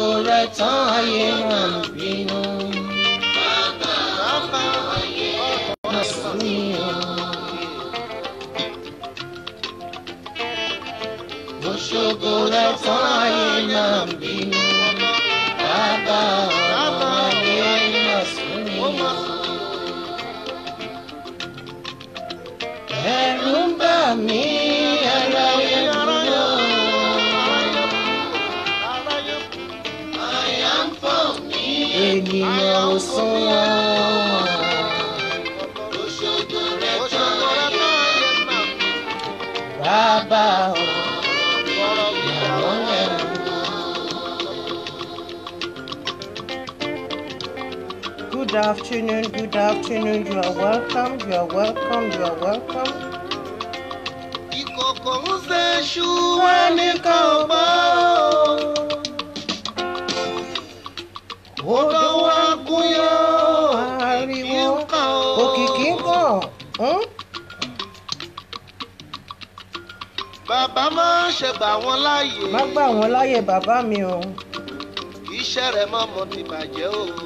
गुरचायेण afternoon, good afternoon. You are welcome, you are welcome, you are welcome. Ìkòkò ń ṣe ṣú wá ní kọ̀ọ̀bọ̀. Odò wa gúnyán ariwo hmm? Bàbá máa ṣe gbà wọ́n láàyè. Má gbà wọ́n láàyè bàbá mi o. Iṣẹ́ rẹ̀ mọ́ mo ti bàjẹ́ o.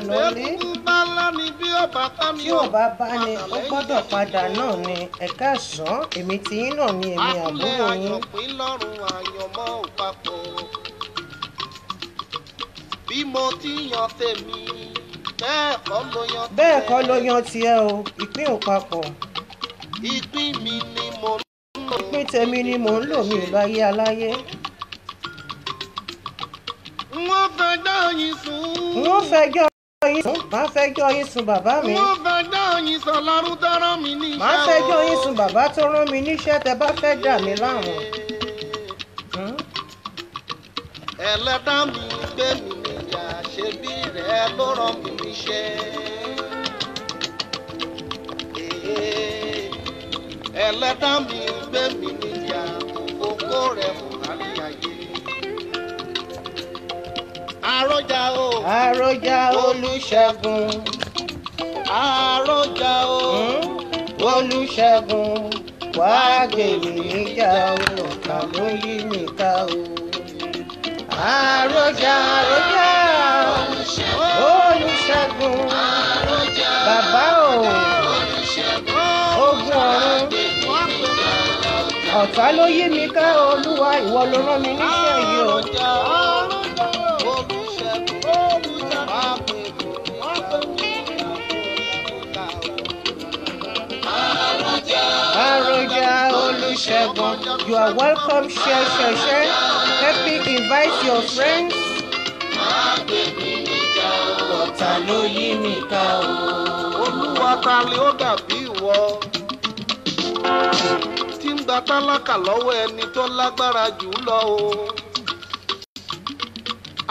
náà lọlé tí ò bá bá ní ó gbọ́dọ̀ padà náà ni ẹ̀ka sàn èmi tiyín náà ni èmi àbúrò yín. bẹ́ẹ̀ kọ́ ló yan tiẹ̀ o ìpín ò papọ̀. ìpín mi ni mo ń lò. ìpín tèmi mi ìlú ayé aláyé wọ́n fẹjọ́ yín sùn. wọ́n fẹjọ́ yín sùn máa fẹjọ́ yín sùn bàbá mi. wọ́n fẹjọ́ yín sùn lọ́rùn tó rán mi níṣẹ́ o. máa fẹjọ́ yín sùn bàbá tó rán mi níṣẹ́ tẹ bá fẹ́ dà mí láwọn. Hmm? ẹlẹ́dá mi gbé mi níyà ṣe bí rẹ̀ ló rán mi níṣẹ́. ẹlẹ́dá mi gbé mi níyà. àròjà olùṣègùn àròjà o hmm? olùṣègùn wàá gbèrú ìjà ọ̀tá ló yí mi ká o. àròjà àròjà olùṣègùn bàbá o ogun ọ̀run ọ̀tá ló yí mi ká olúwa ìwọ ló rán mi níṣẹ́ yìí o. Olusegun. You are welcome, share, share, share. Help me invite your friends. tálákà lọ́wọ́ ẹni tó lágbára jù ú lọ o.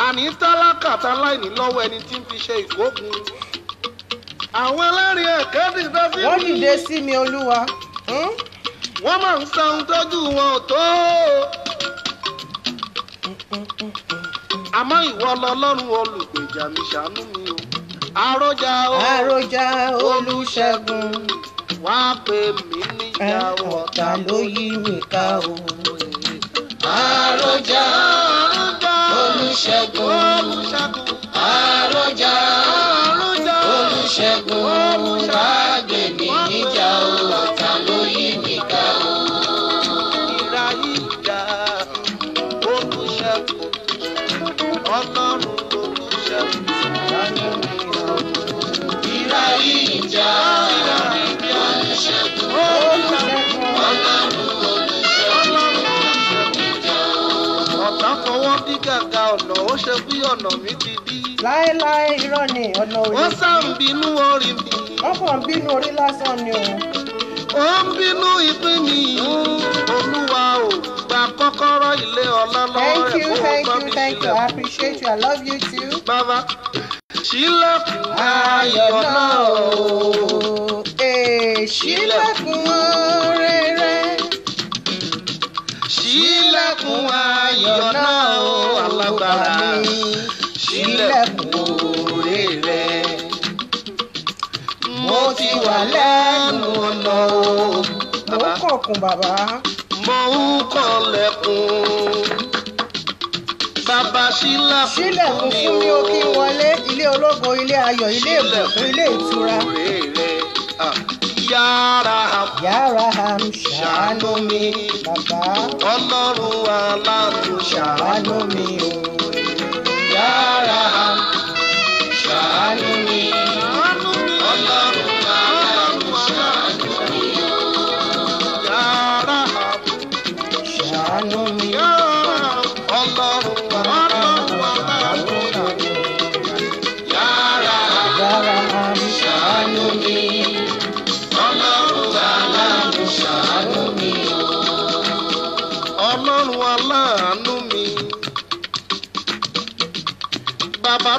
Àní tálákà táláìní lọ́wọ́ ẹni tí ń fi ṣe ìgbógun. Àwọn ẹlẹ́rìí ẹ̀kẹ́ dìde sí mi. Wọ́n dìde sí mi, Olúwa. Hmm? wọ́n máa ń sa ohun tójú wọn ò tó. àmọ́ ìwọ lọ́lọ́run olùgbèjà mi ṣàánú mi o. àròjà o àròjà olùṣègùn. wá pè mí níjà ọ̀tá ló yí mi ká o. àròjà olùṣègùn olùṣègùn àròjà olùṣègùn olùṣègùn. ọ̀nà mi ti dí. láéláé irọ́ ni ọ̀nà òye. wọ́n sá ń bínú orí mi. wọ́n bínú orí lásán ni o. ó ń bínú ìpín mi olúwa ò gba kọ́kọ́rọ́ ilé ọlọ́lọ́ rẹ̀ kó o gbọ́ mi sílẹ̀. thank you thank you thank you I appreciate you I love you too. bàbá ṣílẹ̀kùn ayọ̀ náà o. ṣílẹ̀kùn rere ṣílẹ̀kùn ayọ̀ náà alágbára sílẹ̀kùn òré rẹ. mo ti wà lẹ́nu ọ̀nà o. mo kọ̀kùn bàbá. mo ń kọlẹ̀kùn. bàbá sílẹ̀kùn sílẹ̀kùn fún mi ó kí n wọlé ilé ológo ilé ayọ̀ ilé ìbùkún ilé ìtura. sílẹ̀kùn òré Yaraham. Yaraham ṣàánú mi. Bàbá. Ọlọ́run aláàánú ṣàánú mi o. Yaraham ṣàánú mi.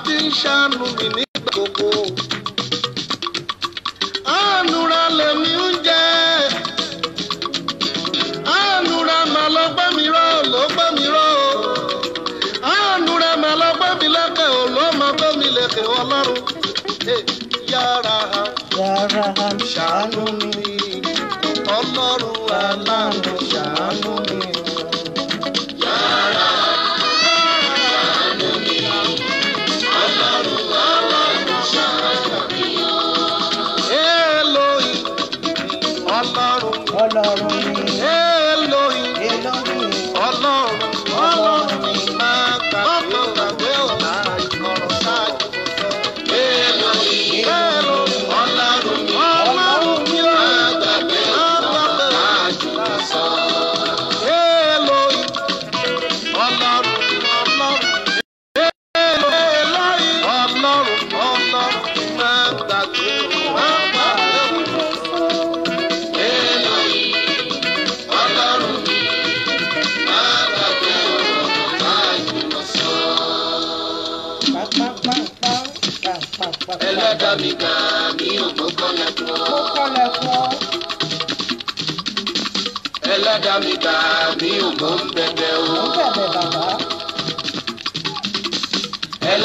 ti ń ṣàánú mi nígbà gbogbo. àánúra lèmi ń jẹ àánúra mà lọ́gbọ́n mi rọ̀ lọ́gbọ́n mi rọ̀ àánúra mà lọ́gbọ́n mi lẹ́kẹ̀ ò lọ́mọgbọ́n mi lẹ́kẹ̀ ọlọ́run yàrá ṣàánú mi.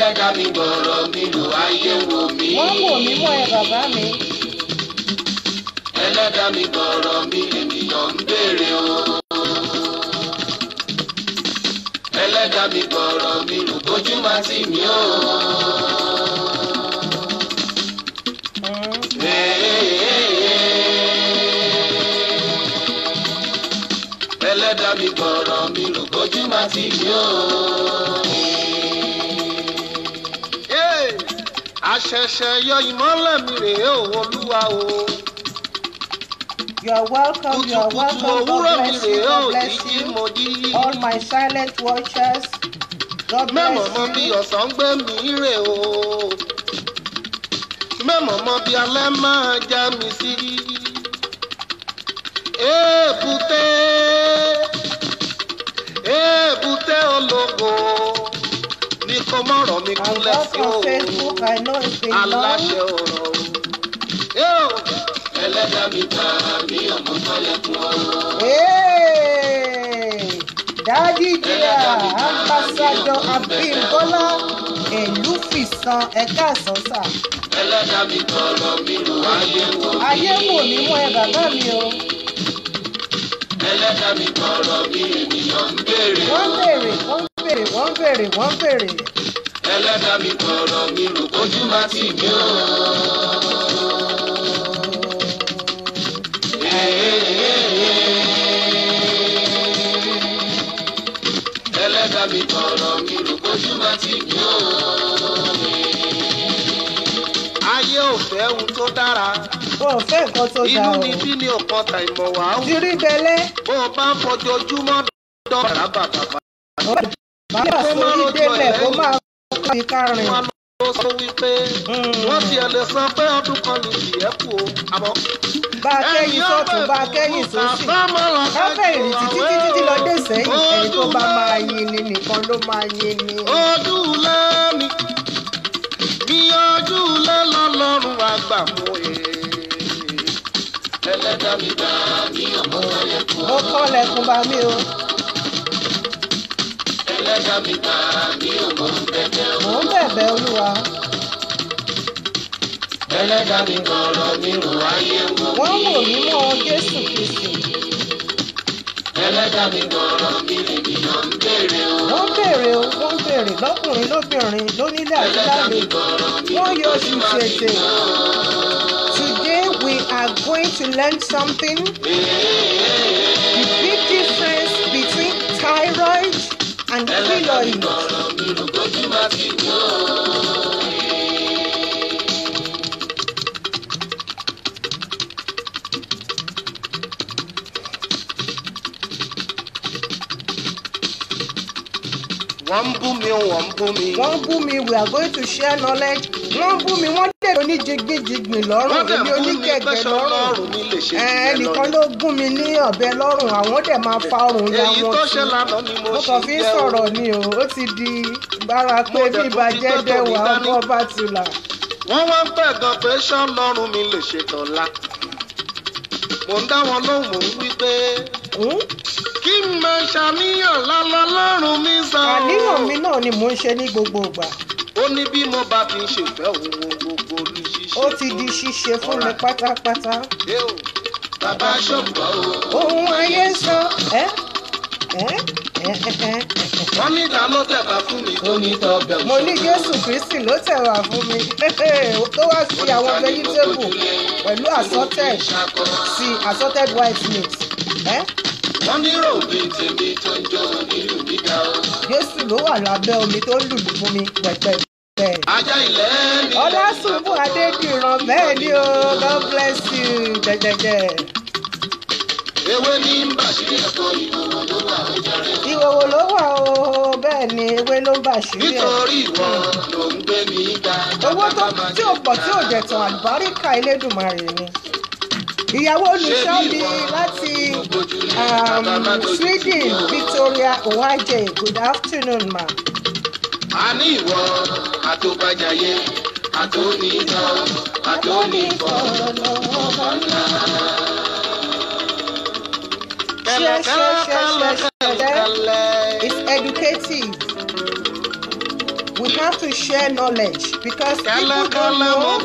ẹlẹ́dàá mi gbọ̀rọ̀ mi lò ayé wò mí. wọ́n wò mí mọ́ ẹ bàbá mi. ẹlẹ́dàá mi gbọ̀rọ̀ mi ènìyàn ń béèrè o. ẹlẹ́dàá mi gbọ̀rọ̀ mi lò bójú má tì mí o. ẹlẹ́dàá mi gbọ̀rọ̀ mi lò bójú má tì mí o. àṣẹ̀ṣẹ̀ yọ ìmọ́lẹ̀ mi rèé o olúwa o. You are welcome, you are welcome. God bless you, God bless you. All my silent watchers, God bless you. Mẹ́mọ̀ mọ bí ọ̀sán ń gbé mi rè o. Mẹ́mọ̀ mọ bí alẹ́ máa já mi sí. Èbúté, èbúté fọmọ́rọ̀ mi kúnlẹ̀ sí òun aláṣẹ ọ̀rọ̀ o. ẹlẹ́dàá mi ta mi ọmọ sọ́yẹ̀ fún ọ. dájú ìjìyà ambassadọ abimbola elúfìsàn ẹ̀ka àsánsà. ẹlẹ́dàá mi tọrọ mi lò ayé wò mí. ayé wò mí mọ ẹ bàbá mi o. ẹlẹ́dàá mi tọrọ mi ènìyàn ń béèrè. wọ́n béèrè béèrè wọ́n béèrè wọ́n béèrè. ẹlẹ́dàá mi tọrọ mi rò kójú má tì mí o. mi tọrọ mi rò kójú má tì mí o. ayé ò fẹ́ ohun tó dára wọn fẹ́ nǹkan tó dáa o. inú níbí ni ọ̀kan ta ìmọ̀ wá o. jírí bẹ́lẹ́. bó o bá ń fojoojúmọ́ dán bàrà bàbà bàbá sórí délẹ̀ kó máa kọ́ mi kárìn. wọ́n lọ sọ wípé hmm. wọ́n ti ẹ̀ lè san pé ọdún kan lè jì ẹ́ kú o àmọ́. bá a kẹ́yìn sọ́tún bá a kẹ́yìn sósì káfẹ́ ìrìtì títí títí lọ dé sẹ́yìn ẹni tó bá máa yin ni nìkan ló máa yin ni. ojúlé mi bí ojúlé lọ́lọ́run àgbà mú e. ẹlẹ́dàá mi bá a ní ọmọ kọ́lẹ̀kùn. ó kọ́lẹ̀kùn bá mi o yọ mí pa mi ò mọ̀ ń bẹ̀bẹ̀ olúwa. ẹlẹ́dàá mi kan ọ̀rọ̀ mi ayé ń wò wọ́n wò mí mọ́ Jésù Kristi. ẹlẹ́dàá mi kan ọ̀rọ̀ mi lè dìnà ń bèrè o. wọ́n bèrè o wọ́n bèrè lọ́kùnrin lóbìnrin lónílé àti láàrin wọ́n yọ oṣù Today we are going to learn something. The big difference between thyroid àǹtí Ìlọrin. wọ́n ń bú mi wọ́n ń bú mi. wọ́n ń bú mi we are going to share knowledge. wọ́n ń bú mi wọ́n dèrò ní lọ́rùn èmi oníkẹ̀kẹ́ lọ́rùn ẹnìkan ló gún mi ní ọ̀bẹ lọ́rùn àwọn dẹ̀ máa fa ọrùn ya wọn tù mo kàn fi ń sọ̀rọ̀ ni o ó ti di bára pé bíba jẹ́jẹ́ wà ọgbọ́n bá ti là. wọ́n wá ń pẹ̀gàn pé ṣọ́ọ̀lọ́run mi lè ṣètò ńlá mò ń dá wọn lóhùn mò ń wí pé hmm? kí n máa ṣàníyàn lálọ́ lọ́rùn mi sọ. àníyàn mi náà ni mò ń ṣe ní gbogbo ìgbà. ó ní bí mo bá fi ṣèfẹ́ òun wo ó ti di ṣíṣe fún mi pátápátá. bàbá ṣọ́ọ̀bù wa o. ohun ayé sọ ẹ́ ẹ́ wọ́n ní ìdá ló tẹ̀bà fún mi tó ní tọ́ bẹ̀rù. mo ní jésù kristi ló tẹ̀wà fún mi tó wá sí àwọn vegetable pẹ̀lú assorted sí assorted white meat. wọ́n ní ròbí tèmi tó ń jó onílù gíga o. jésù ló wà lábẹ́ omi tó ń lùlù fún mi pẹ̀pẹ̀ bẹ̀. ajá ilẹ̀ ni. ọlásùnmù adédìran bẹ́ẹ̀ ni o god bless you jẹjẹjẹ. ewé ní bàṣírí ẹ̀kọ́ ìwòwò ló wà ó jàre. ìwòwò ló wà o bẹ́ẹ̀ ni ewé ló ń bàṣírí ẹ̀. nítorí ìwọ ló ń gbé mi ga. owó tó tí ò pọ̀ tí ò jẹ̀ tán àlùbáríkà Elédùmarè ni ìyàwó olùṣọ́bí láti um, Sweden Victoria Owaje good afternoon ma àní ìwọ àtòbàjàyé àtòníná àtònífọ lọ́wọ́ ńlá. Share, share, share, share, share. It's educative. We have to share knowledge because people don't know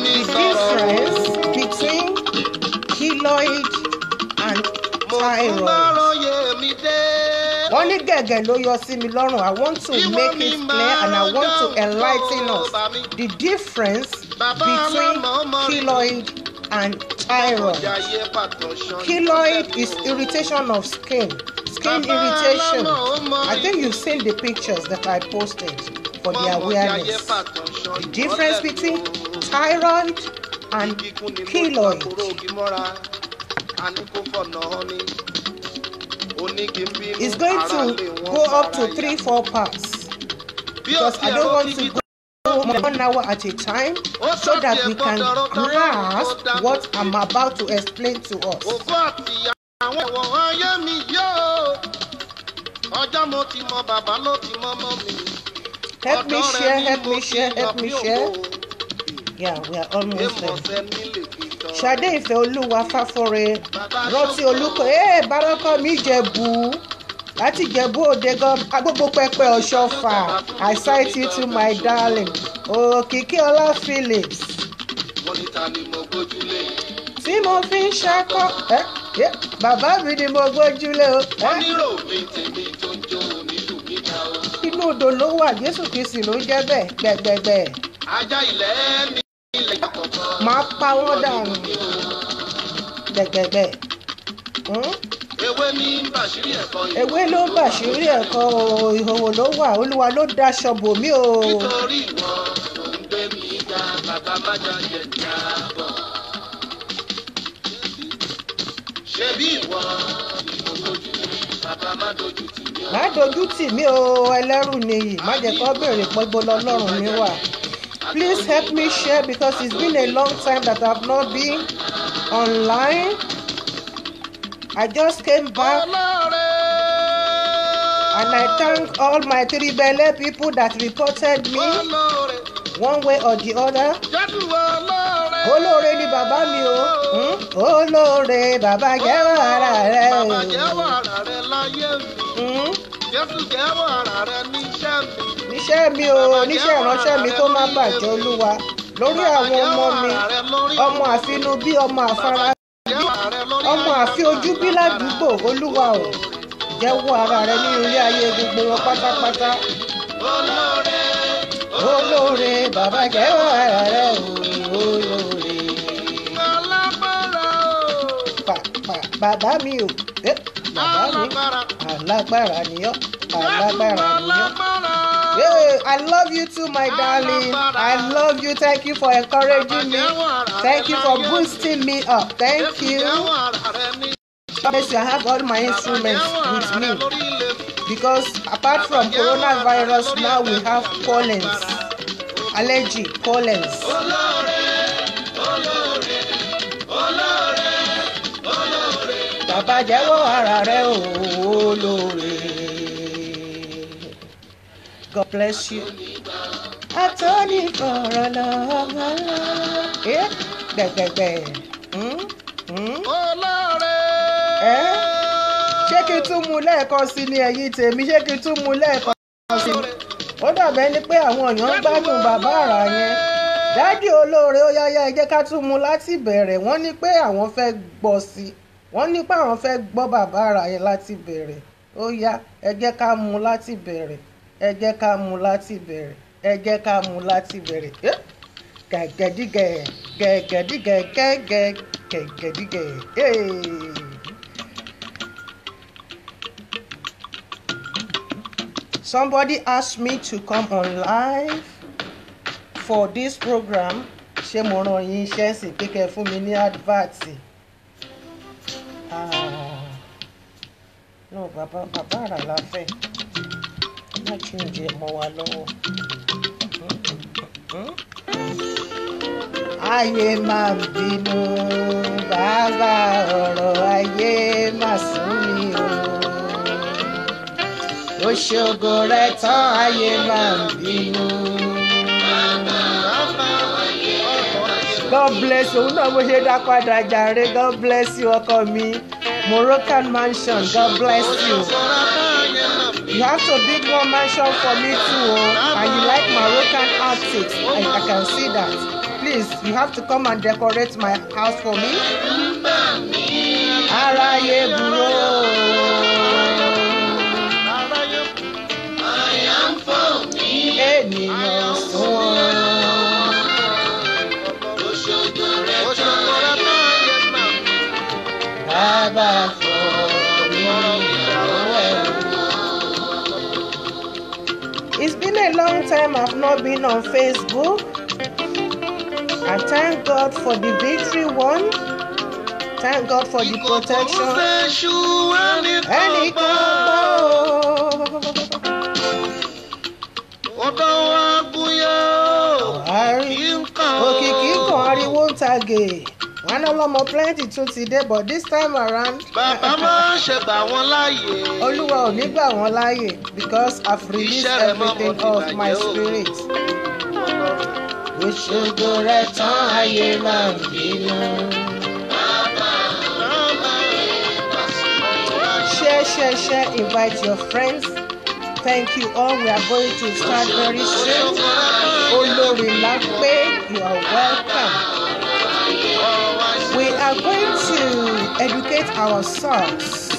the difference between keloid and thyroid wọ́n ní gẹ̀gẹ̀ ló yọ sí mi lọ́rùn i want to make it clear and i want to enlighten us the difference between keloid and thyroid keloid is irritation of skin skin irritation i think you see the pictures that i posted for the awareness the difference between thyroid and keloid. It's going to go up to three, four parts. Because I don't want to go one hour at a time so that we can grasp what I'm about to explain to us. help me share help me share help me share. yeah we are almost there ṣadé ìfẹ́ olúwa fáfọ́rẹ́ rántí olùkọ́ ee bárọ́kọ́ mi jẹ̀bù láti jẹ̀bú òde gan agbógbó pẹpẹ ọ̀ṣọ́fà i cite you to my darling òkìkí ọlá phillips. mo ní ta ni mo gbójúlé. tí mo fi ń ṣakọ bàbá mi ni mo gbójúlé o. wọ́n nírò mi tèmi tó ń jó onílù gíga o. inú odò ló wà jésù kìsì ló ń jẹ́ bẹ́ẹ̀ gbẹ̀gbẹ̀gbẹ̀. ajá ilẹ̀ mi mà á pa wọ́n dànù gbẹ̀gbẹ̀gbẹ̀. Hmm? ewé ló ń bàṣírí ẹ̀kọ́ o ìhòòhò ló wà olúwa ló daṣọ bò mí o. nítorí ìwọ ló má dojú tì mí o. má dojú tì mí o ẹlẹ́rù nìyí má jẹ́ kó béèrè pé gbọ́dọ̀ ọlọ́run mi wà. Please help me share because it's been a long time that I've not been online. I just came back and I thank all my Tiribele people that reported me one way or the other. Olóore ni bàbá mi o. Hmm? Olóore bàbá jẹ́wọ́ ara rẹ o. Bàbá jẹ́wọ́ ara rẹ láyé mi. Hmm? Jésù jẹ́wọ́ ara rẹ níṣẹ́ mi iṣẹ́ mi o oníṣẹ́ ìránṣẹ́ mi kó má bàjẹ́ olúwa lórí àwọn ọmọ mi ọmọ àfinú bí ọmọ àfara bí ọmọ àfi ojú bí ládùúgbò olúwa o jẹ́wọ́ ara rẹ nínú ilé ayé gbogbo wọn pátápátá. olóore bàbá jẹ́wọ́ ara rẹ o olóore. bàbá mi o eh, bàbá mi alágbára ni ọ́ alágbára ni ọ́. I love you too, my darling. I love you. Thank you for encouraging me. Thank you for boosting me up. Thank you. Yes, I have all my instruments with me because apart from coronavirus, now we have pollens, allergy pollens. Oh, oh, oh, Bàbá God bless you. Atoni fọ̀rọ̀ lọ́wọ́ lọ. Gbẹ̀gbẹ̀gbẹ̀. Olóore. Ṣé kí n tún mu lẹ́ẹ̀kan sí ni ẹ̀yin tèmi? Ṣé kí n tún mu lẹ́ẹ̀kan sí ni? Ó dàbẹ́ ni pé àwọn èèyàn ń gbádùn bàbá àrà yẹn. Dádì olóore ó yáyá ẹ jẹ́ ká tún mu láti bẹ̀rẹ̀. Wọ́n ní pé àwọn fẹ́ gbọ́ sí i. Wọ́n ní pé àwọn fẹ́ gbọ́ bàbá àrà yẹn láti bẹ̀rẹ̀. Ó yá ẹ jẹ́ ká mu láti bẹ̀rẹ̀ ẹ jẹ́ ká mú láti bẹ̀rẹ̀ ẹ jẹ́ ká mú láti bẹ̀rẹ̀ gẹ̀gẹ̀dígẹ̀ gẹ̀gẹ̀dígẹ̀ gẹ̀gẹ̀ gẹ̀gẹ̀dígẹ̀ somebody asked me to come on live for this program ṣé mo ràn yín iṣẹ́ sí pé kẹ́ fún mi ní advert ah. náà bàbá bàbá àrà la fẹ́ má change ẹ̀ mọ́ wa lọ́wọ́. ayé máa bínú bàbá ọ̀rọ̀ ayé máa sún mi o. òṣogbo rẹ tán ayé máa bínú. God bless you. Òun náà mo ṣe dá padà God bless you ọkọ mi. Moroccan mansion. God bless you. You have to big one mansion for me too, oh, and you like Moroccan antiques. I, I can see that. Please, you have to come and decorate my house for me. Aráyé burú. Ènìyàn. long time I've not been on Facebook. I thank God for the victory won. Thank God for the protection. Ẹnì kan bọ̀. Oh. Ọ̀dọ́ wa gúnyán. Òkìkí kan ariwo wọn ọlọ́mọ plenty tún ti dé but this time around. bàbá máa ń ṣe gbà wọ́n láàyè. olúwa ò ní gbà wọ́n láàyè because i've released everything of my spirit. òṣogbo rẹ tán ayé máa ń bínú. share share share invite your friends. Thank you all. We are going to start very soon. Olórí Lápé, you are welcome are going to educate ourselves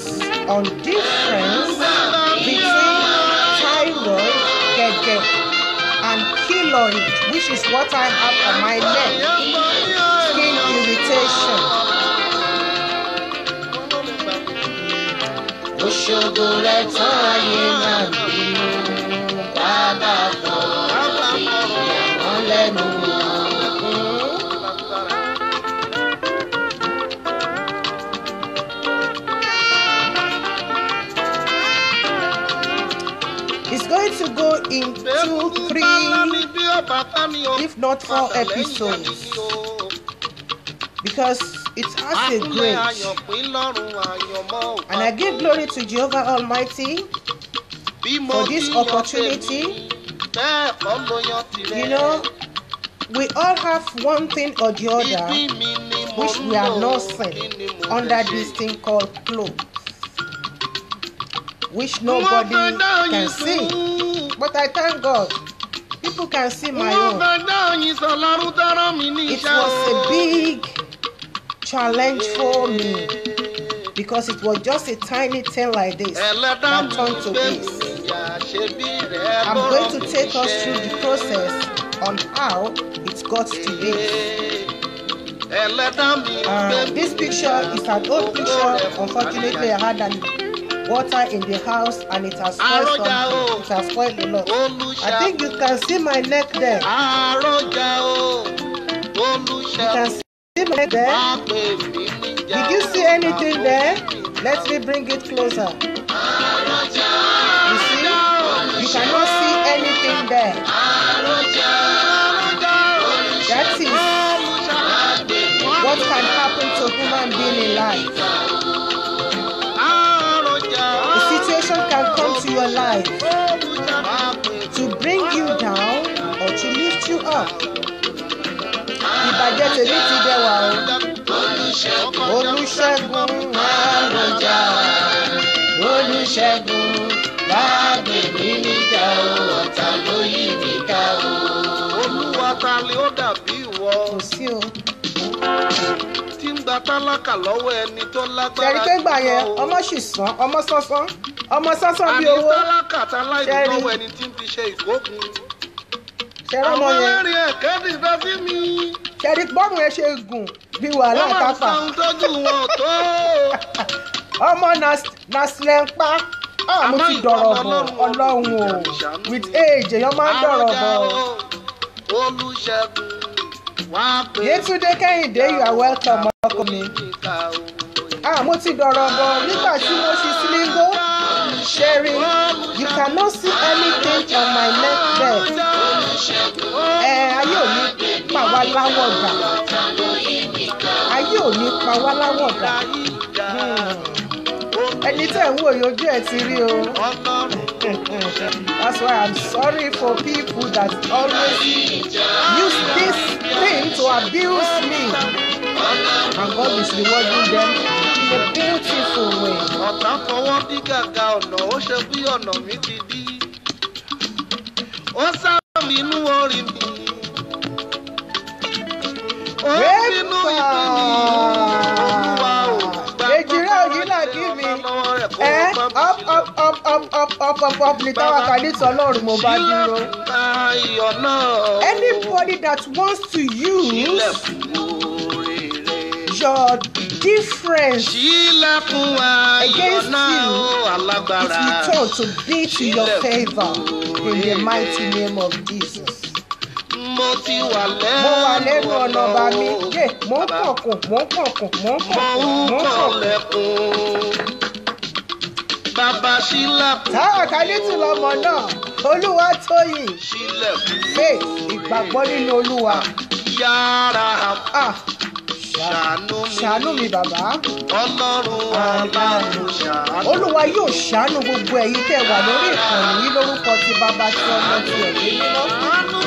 on difference between thyroid, gege, and keloid, which is what I have on my neck, skin irritation. Òṣogbo rẹ̀ tán ayé máa two three if not four episodes because it has a grace and I give glory to Jehovah Almighty for this opportunity you know we all have one thing or the other which we are not seen under this thing called clothes which nobody can see. But I thank God. People can see my own. It was a big challenge for me because it was just a tiny thing like this that turned to this. I'm going to take us through the process on how it got to this. Uh, this picture is an old picture. Unfortunately, I had an water in the house and it has spoiled some, it has spoiled a lot. I think you can see my neck there. You can see my neck there. Did you see anything there? Let me bring it closer. You see? You cannot see anything there. temptation can come to your life to bring you down or to lift you up. Ìbàjẹ́ tèmi ti dẹwà o. Olúṣẹ́gun àròjà Olúṣẹ́gun bá gbègbè níjà ọ̀tá ló yí o. Olúwa ta ni ó dàbí ìwọ? Kò sí o tí ń gba tálákà lọ́wọ́ ẹni tó lágbára jùlọ. ṣẹ̀rí pé gbà yẹn ọmọ ṣì sán ọmọ sánsán ọmọ sásán bíi owó ṣẹ́rí ṣẹ́rí ọmọ yẹn ṣẹ́rí bọ́ọ̀mù yẹn ṣe gùn bíi wàhálà kápá ọmọ naslenpa ah mo ti dọ̀rọ̀ bọ̀ ọlọ́run o with age èèyàn máa ń dọ̀rọ̀ bọ̀ yétúndé kẹ́hìndé you are welcome ọkọ mi ah ti dọ̀rọ̀ bọ̀ nígbà tí mo ṣe sílíngó. Sherry, you cannot see anything on my neck there. Ẹ ayé ò ní pa wá láwọ̀ dà. Ayé ò ní pa wá láwọ̀ dà. Hmm. Ẹni tẹ̀ ń wòye ojú ẹ̀ ti rí o. That's why I'm sorry for people that always use this thing to abuse me and God is rewarding them in a beautiful way. ọ̀tá fọwọ́ dí gàgà ọ̀nà ó ṣe bí ọ̀nà mi ti dí ó sáàmì inú orin mi ó bínú ìpín eh, mi up up up up up up up up ní táwa kàlítì ọlọ́run anybody that wants to use your difference against you it will turn to be to your favour in the mighty name of Jesus. mo wà lẹ́nu ọ̀nà ọba mi yé mo ń pọ̀kùn mo ń pọ̀kùn mo ń pọ̀kùn mo ń pọ̀kùn bàbá sílẹ̀kùn. táwọn kálítì lọmọ náà olúwa tóyìn. sílẹ̀kùn. faith ìgbàgbọ́ nínú olúwa. yára. ah ṣàánú mi bàbá ọlọ́run aláàánú ṣàánú. olúwa yóò ṣàánú gbogbo ẹ̀yin tẹ́ wà lórí ìkànnì yìí lórúkọ ti bàbá tí ọmọ ti ẹ̀mí mímọ́. gbogbo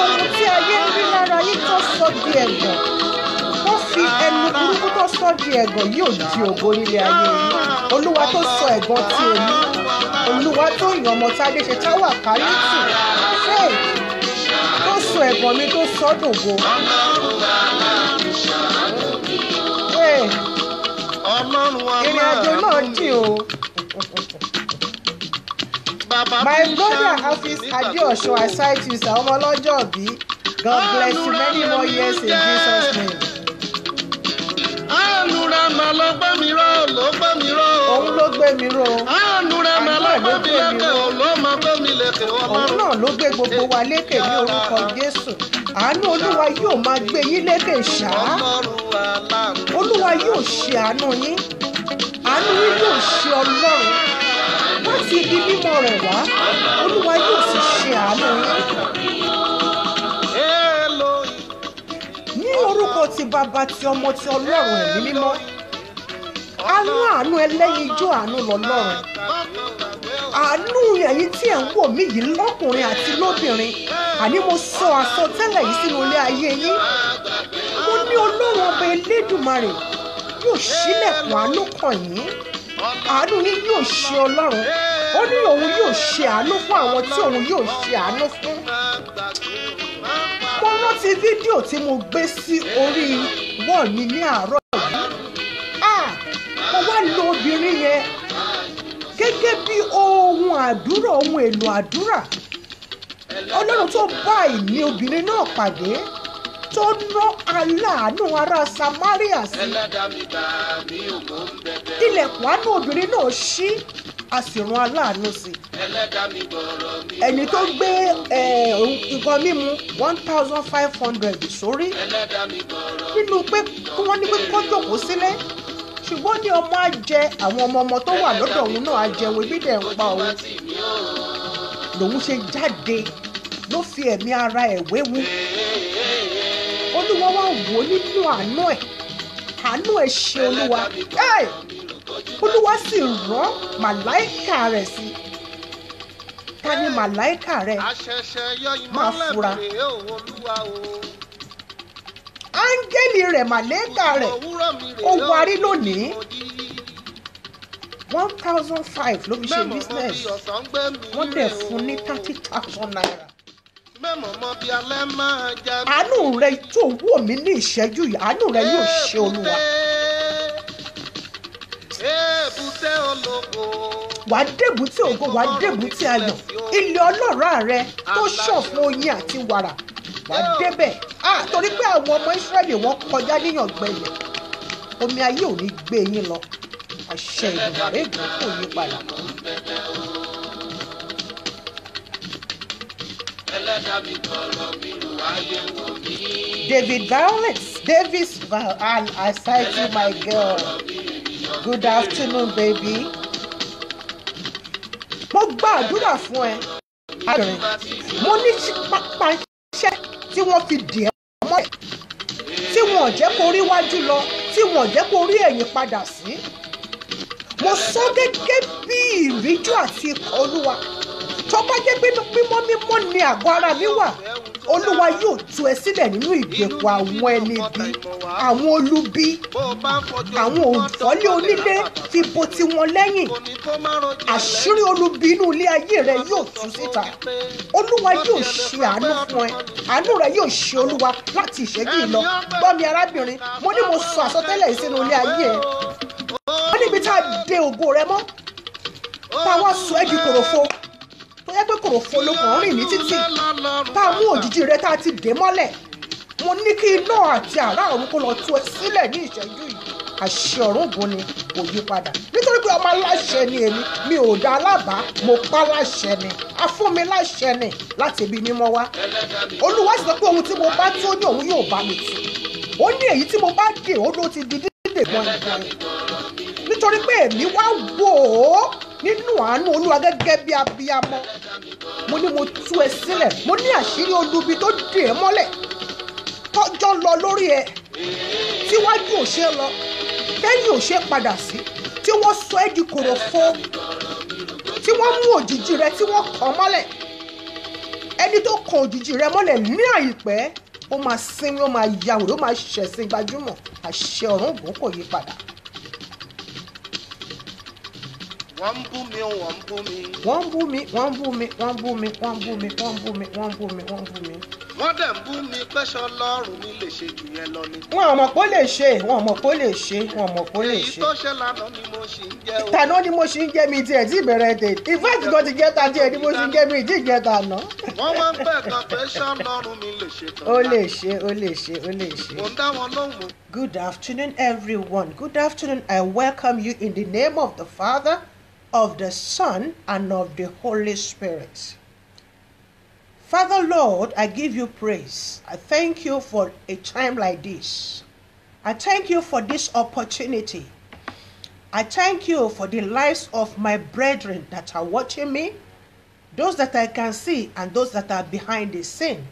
ohun tí ayé ń rí lára yìí tó sọ di ẹ̀gàn tó fi ẹnu burúkú tó sọ di ẹ̀gàn yóò di ògo nílé ayé yìí olúwa tó sọ ẹ̀gàn ti èmi olúwa tó yàn ọmọ tá a dé ṣe táwà kárí tù fẹ́ẹ̀ tó sọ ẹ̀gàn mi tó sọ dògo. ìrìn àjò náà jìn o. my brother hafiz adeosun i you sir ọmọ ọlọ́jọ́ bí god bless you many more years in jesus name. àánúra màá lọ gbé mi ró ló gbé mi ró. òun ló gbé mi ró. àánúra màá lọ gbé mi lékè o ló máa gbé mi lékè ọlọ́run. òun náà ló gbé gbogbo wa lékè ní orúkọ jésù àánú olúwa yóò máa gbé yín lékè ṣá olúwa yóò ṣe àánú yín àánú yóò ṣe ọlọ́run láti ibi mímọ́ rẹ̀ wá olúwa yóò sì ṣe àánú yín. ní orúkọ ti bàbá ti ọmọ ti ọlọ́run ẹ̀mí mímọ́ àánú àánú ẹlẹ́yin àánú lọ́lọ́run àánú ẹ̀yin tí ẹ̀ ń wò mí yìí lọ́kùnrin àti lóbìnrin àní mo sọ àsọtẹ́lẹ̀ yìí sínú ilé ayé yín mo ní ọlọ́run ọba elédùmarè yóò ṣílẹ̀kùn àánú kàn yín àánú yín yóò ṣe ọlọ́run ó ní òun yóò ṣe àánú fún àwọn tí òun yóò ṣe àánú fún. mo rántí fídíò tí mo gbé sí orí wọ́ọ̀ mi ní àárọ̀ yìí ah! mo wá lo obìnrin yẹn gẹ́gẹ́ bí ohun àdúrà ohun èlò àdúrà ọlọ́run tó bá ìní obìnrin náà pàdé tó ná aláàánú ará Samaria sí. ilẹ̀kùn àánú obìnrin náà ṣí a aláàánú sí. ẹni tó gbé nǹkan mímu one thousand five hundred sórí nínú pé kí wọ́n ní pé kó jókòó sílẹ̀ ṣùgbọ́n ní ọmọ á àwọn ọmọ ọmọ tó wà lọ́dọ̀ òun náà á jẹ dẹ̀ ń pa òun lòun ṣe jáde ló fi ẹ̀mí ara ẹ̀ wéwu olúwa wa wò nínú àánú ẹ̀ àánú ẹ̀ ṣe olúwa olúwa sì rán màláìkà rẹ̀ sí ta ni màláìkà rẹ̀ máa fura áńgẹ́lì rẹ̀ màláìkà rẹ̀ ó warí lónìí one thousand five ló fi ṣe business wọ́n dẹ̀ fún ní thirty thousand naira àánú rẹ tó wò mí ní ìṣẹ́jú yìí àánú rẹ yóò ṣe olúwa. wàá débùtì ògo wàá débùtì ayọ̀ ilé ọlọ́ràá rẹ tó ṣàn fún oyin àti wàrà wàá débẹ̀ ah. torí pé àwọn ọmọ Ísírẹ́lì wọn kọjá níyàngbẹ yẹn omi ayé ò ní gbé yín lọ àṣẹ ìdùnnú rẹ ìdùnnú kò yí padà. David Violet, Davis, well, and I sight you, my girl. Good afternoon, baby. Mo gbàdúrà fún ẹ. Àbẹ̀rẹ̀, mo ní pápá iṣẹ́ tí wọ́n fi dì ẹ́ mọ́lẹ̀. Tí wọn ò jẹ́ kó rí wájú lọ, tí wọn ò jẹ́ kó rí ẹ̀yìn padà sí. Mo sọ gẹ́gẹ́ bí ìríjú àti ikọ̀ olúwa tó bá jẹ́ pé mímọ́ mímọ́ ni àgọ́ ara mi wà olúwa yóò tú ẹ sílẹ̀ nínú ìgbèkùn àwọn ẹni bí àwọn olubi àwọn òǹfọ́lé onílé fi bo tiwọn lẹ́yìn àṣírí olubi inú ilé ayé rẹ yóò tú síta olúwa yóò ṣe àánú fún ẹ àánú rẹ yóò ṣe olúwa láti ìṣẹ́jú ìlọ gbọ́ mi arábìnrin mo ní mo sọ àsọtẹ́lẹ̀ yìí sínú ilé ayé ẹ wọ́n níbi tá a de ògo rẹ mọ́ táwa sọ ẹ́ di kòròfo tó yẹ pé kòròfo ló kàn rìn ní títì tá a mú òjijì rẹ tá a ti dé mọ́lẹ̀ mo ní kí iná àti àrá ọ̀run kó lọ tú ẹ sílẹ̀ ní ìṣẹ́jú yìí àṣẹ ọ̀run ògùn ni kò yí padà nítorí pé ọmọ aláṣẹ ni èmi mi ò dá alábàá mo pa láṣẹ ni afúnmi láṣẹ ni láti ibi mímọ́ wá olúwa sọ pé ohun tí mo bá tó ní òun yóò bá mi tì ó ní èyí tí mo bá dè ó ló ti di dídè gbọ̀ngbọ̀n nítorí pé èmi wá wò ó nínú àánú olúwa gẹ́gẹ́ bí abiyamọ mo ní mo tú ẹ sílẹ̀ mo ní àṣírí olubi tó dè é mọ́lẹ̀ tọ́jọ́ lọ lórí ẹ tíwájú ò ṣe lọ lẹ́yìn ò ṣe padà sí tí wọ́n sọ ẹ́ di kòròfo tí wọ́n mú òjìji rẹ tí wọ́n kàn mọ́lẹ̀ ẹni tó kàn òjìji rẹ mọ́lẹ̀ ní àyípẹ́ ó máa sinmi ó máa yàwòrán ó máa ṣẹ̀sìn gbajúmọ̀ àṣẹ ọ̀run ògùn kò yí padà. wọ́n ń bú mi wọ́n ń bú mi. wọ́n ń bú mi wọ́n ń bú mi wọ́n ń bú mi wọ́n ń bú mi wọ́n ń bú mi wọ́n ń bú mi wọ́n ń bú mi. wọ́n dẹ̀ ń bú mi pẹ́ṣọ lọ́rùn mi lè ṣe jù yẹn lọ ni. wọn ò mọ̀ kó lè ṣe wọn ò mọ̀ kó lè ṣe wọn ò mọ̀ kó lè ṣe. èyí tó ṣe lánàá ni mo ṣì ń jẹ́ o. tànà ni mo ṣì ń jẹ́ mi tiẹ̀ tí ìbẹ̀rẹ̀ tè ìfẹ́ẹ̀t kan ti jẹ́ ta díẹ̀ ni mo ṣì ń jẹ́ mi ìdí ìjẹ́ ta wọ́n wá ń bẹ̀ kan pé ṣọ́ọ̀lọ́run mi lè ṣe tọ́lá. ó lè ṣe ó lè ṣe ó lè ṣe. Good afternoon, everyone. Good afternoon. I welcome you in the name of the Father, of the Son, and of the Holy Spirit. Father Lord, I give you praise. I thank you for a time like this. I thank you for this opportunity. I thank you for the lives of my brethren that are watching me, those that I can see, and those that are behind the scene,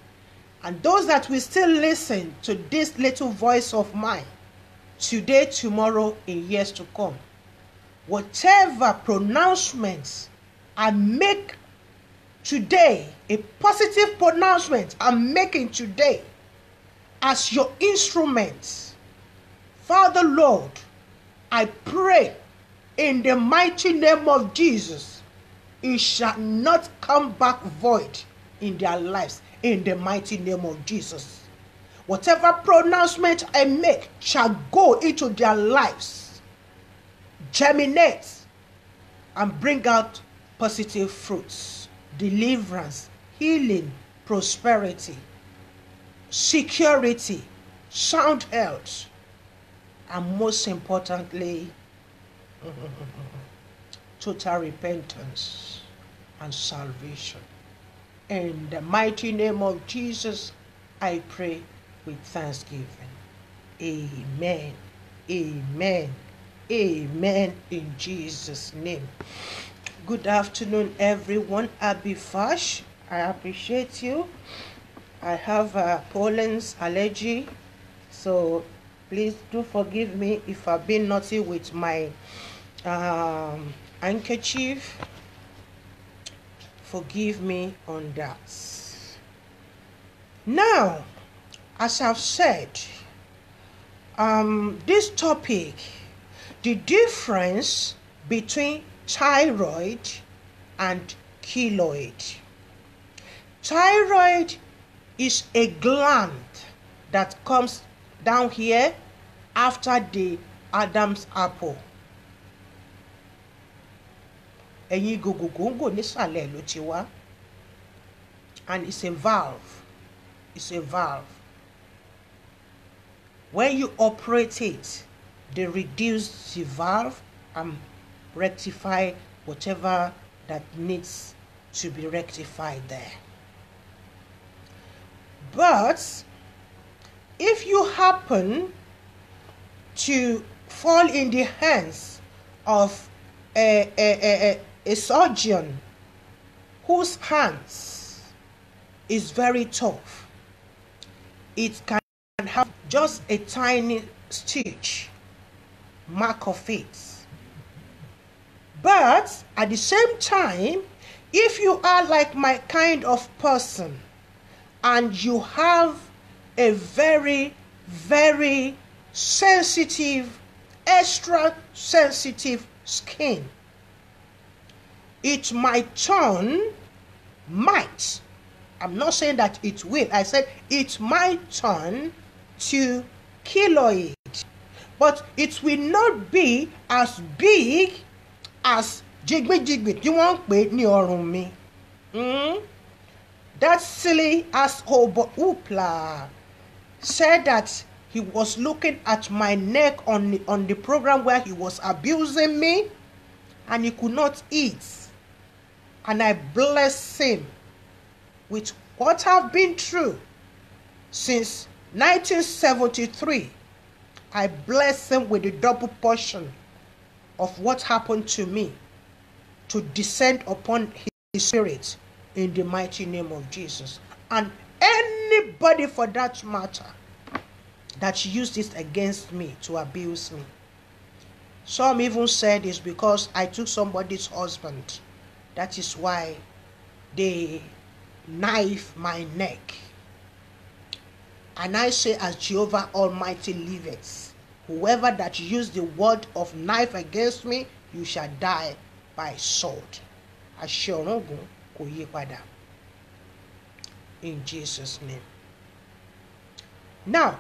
and those that will still listen to this little voice of mine today, tomorrow, in years to come. whatever pronouncements I make today, a positive pronouncement I'm making today as your instruments, Father Lord, I pray in the mighty name of Jesus, it shall not come back void in their lives in the mighty name of Jesus. Whatever pronouncement I make shall go into their lives germinate and bring out positive fruits deliverance, healing, prosperity, security, sound health, and most importantly, total repentance and salvation. In the mighty name of Jesus, I pray with thanksgiving. Amen. Amen. Amen. In Jesus' name. Good afternoon, everyone. Abby Fash, I appreciate you. I have a pollen's allergy, so please do forgive me if I've been naughty with my um, handkerchief. Forgive me on that. Now, as I've said, um, this topic the difference between thyroid and keloid. Thyroid is a gland that comes down here after the Adam's apple. ẹ̀yin gògògòńgò nísàlẹ̀ ló ti wá and it's a valve it's a valve when you operate it They reduce the valve and rectify whatever that needs to be rectified there. But if you happen to fall in the hands of a, a, a, a surgeon whose hands is very tough, it can have just a tiny stitch mark of faith. But at the same time, if you are like my kind of person and you have a very, very sensitive, extra sensitive skin, it might turn, might, I'm not saying that it will, I said it might turn to keloid but it will not be as big as jigbijigbi tí wọ́n ń pè ní ọrùn mi mm? that silly asshole hoopla said that he was looking at my neck on the, on the program where he was abusing me and he could not eat and I bless him with what I've been through since 1973 I bless him with a double portion of what happened to me to descend upon his spirit in the mighty name of Jesus. And anybody for that matter that used this against me to abuse me. Some even said it's because I took somebody's husband. That is why they knife my neck. And I say, as Jehovah Almighty liveth, whoever that use the word of knife against me, you shall die by sword. Àṣẹ ọ̀run Ògún kò yí In Jesus' name. Now,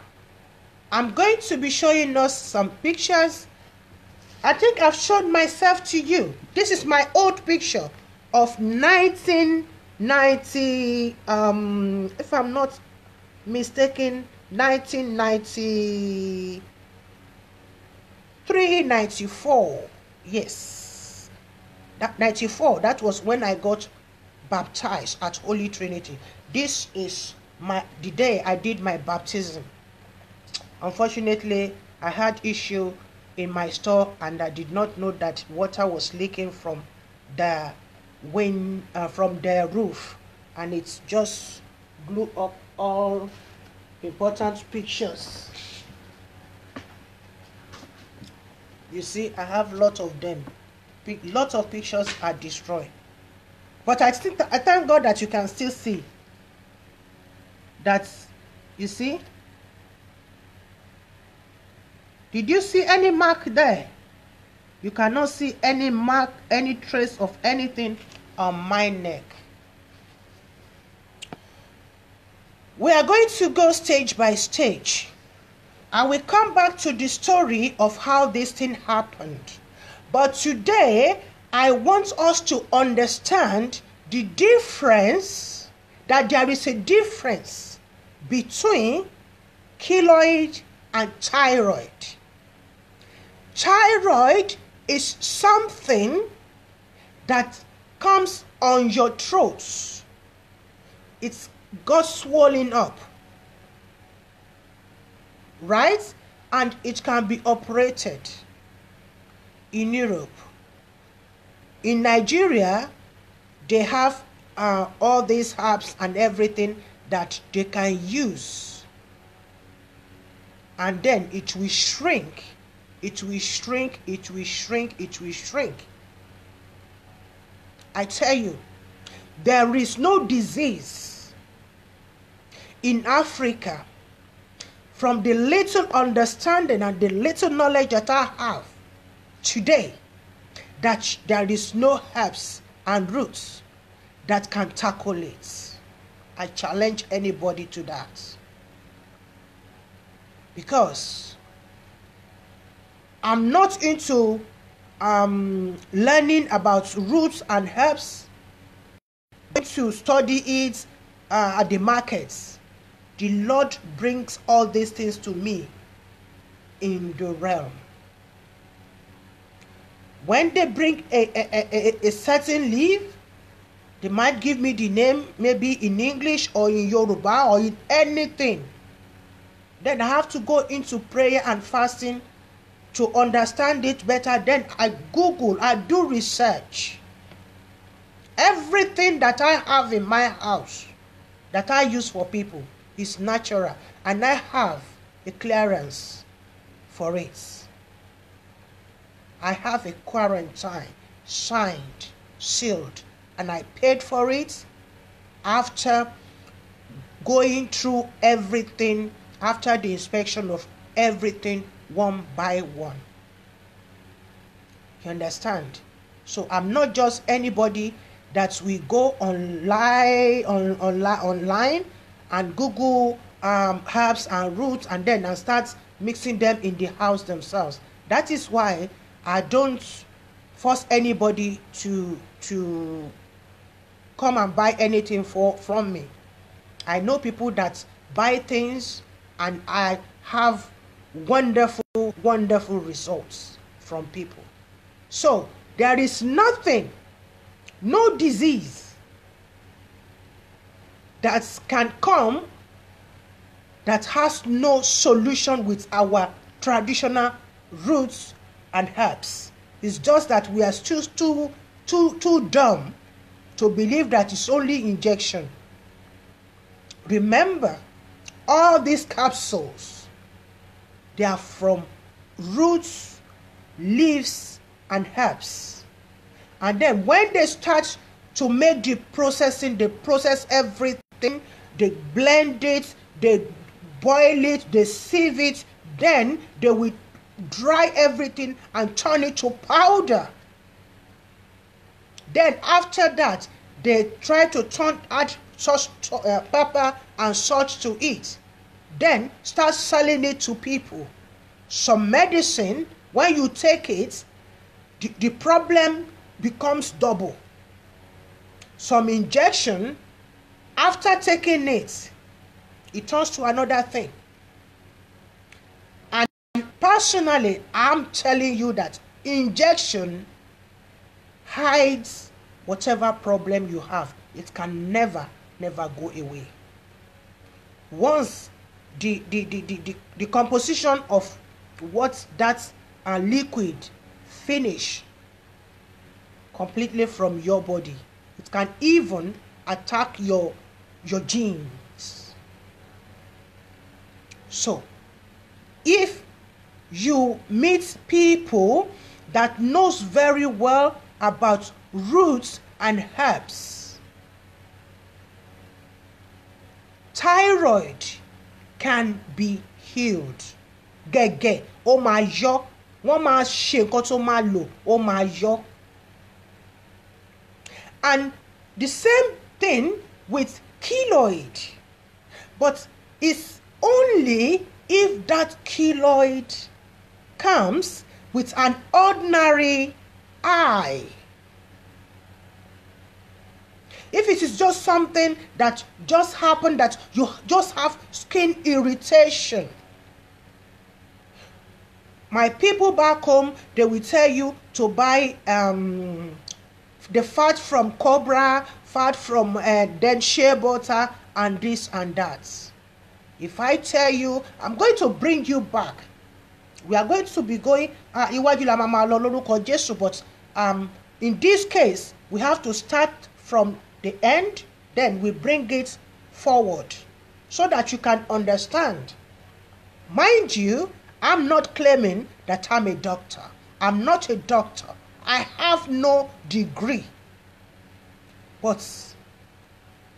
I'm going to be showing us some pictures. I think I've shown myself to you. This is my old picture of 1990, um, if I'm not mistaken 1993 94 yes that 94 that was when i got baptized at holy trinity this is my the day i did my baptism unfortunately i had issue in my store and i did not know that water was leaking from the wind uh, from the roof and it's just blew up all important pictures. You see, I have lots of them. Pic lots of pictures are destroyed. But I think I thank God that you can still see. That you see. Did you see any mark there? You cannot see any mark, any trace of anything on my neck. We are going to go stage by stage and we come back to the story of how this thing happened. But today, I want us to understand the difference that there is a difference between keloid and thyroid. Thyroid is something that comes on your throat. It got swollen up right and it can be operated in Europe in Nigeria they have uh, all these herbs and everything that they can use and then it will shrink it will shrink it will shrink it will shrink I tell you there is no disease in Africa, from the little understanding and the little knowledge that I have today, that there is no herbs and roots that can tackle it. I challenge anybody to that. Because I'm not into um, learning about roots and herbs to study it uh, at the markets the Lord brings all these things to me in the realm. When they bring a, a, a, a, certain leaf, they might give me the name, maybe in English or in Yoruba or in anything. Then I have to go into prayer and fasting to understand it better. Then I Google, I do research. Everything that I have in my house that I use for people, is natural and I have a clearance for it. I have a quarantine signed, sealed, and I paid for it after going through everything, after the inspection of everything one by one. You understand? So I'm not just anybody that we go online, on, on, online and google um, herbs and roots and then and start mixing them in the house themselves that is why i don't force anybody to to come and buy anything for from me i know people that buy things and i have wonderful wonderful results from people so there is nothing no disease that can come that has no solution with our traditional roots and herbs. It's just that we are still too, too, too dumb to believe that it's only injection. Remember, all these capsules, they are from roots, leaves, and herbs. And then when they start to make the processing, they process everything they blend it, they boil it, they sieve it, then they will dry everything and turn it to powder. Then after that, they try to turn add such uh, pepper and salt to it. Then start selling it to people. Some medicine, when you take it, the, the problem becomes double. Some injection, After taking it, it turns to another thing. And personally, I'm telling you that injection hides whatever problem you have. It can never, never go away. Once the, the, the, the, the, the composition of what that uh, liquid finish completely from your body, it can even attack your your genes. So, if you meet people that knows very well about roots and herbs, thyroid can be healed. Gege, ó máa yọ wọ́n máa ṣe nǹkan tó máa lò ó máa yọ. And the same thing with keloid but it's only if that keloid comes with an ordinary eye. If it is just something that just happened, that you just have skin irritation, my people back home, they will tell you to buy um, the fat from cobra, fat from uh, then shea butter, and this and that. If I tell you, I'm going to bring you back. We are going to be going, uh, but um, in this case, we have to start from the end, then we bring it forward so that you can understand. Mind you, I'm not claiming that I'm a doctor. I'm not a doctor. I have no degree, but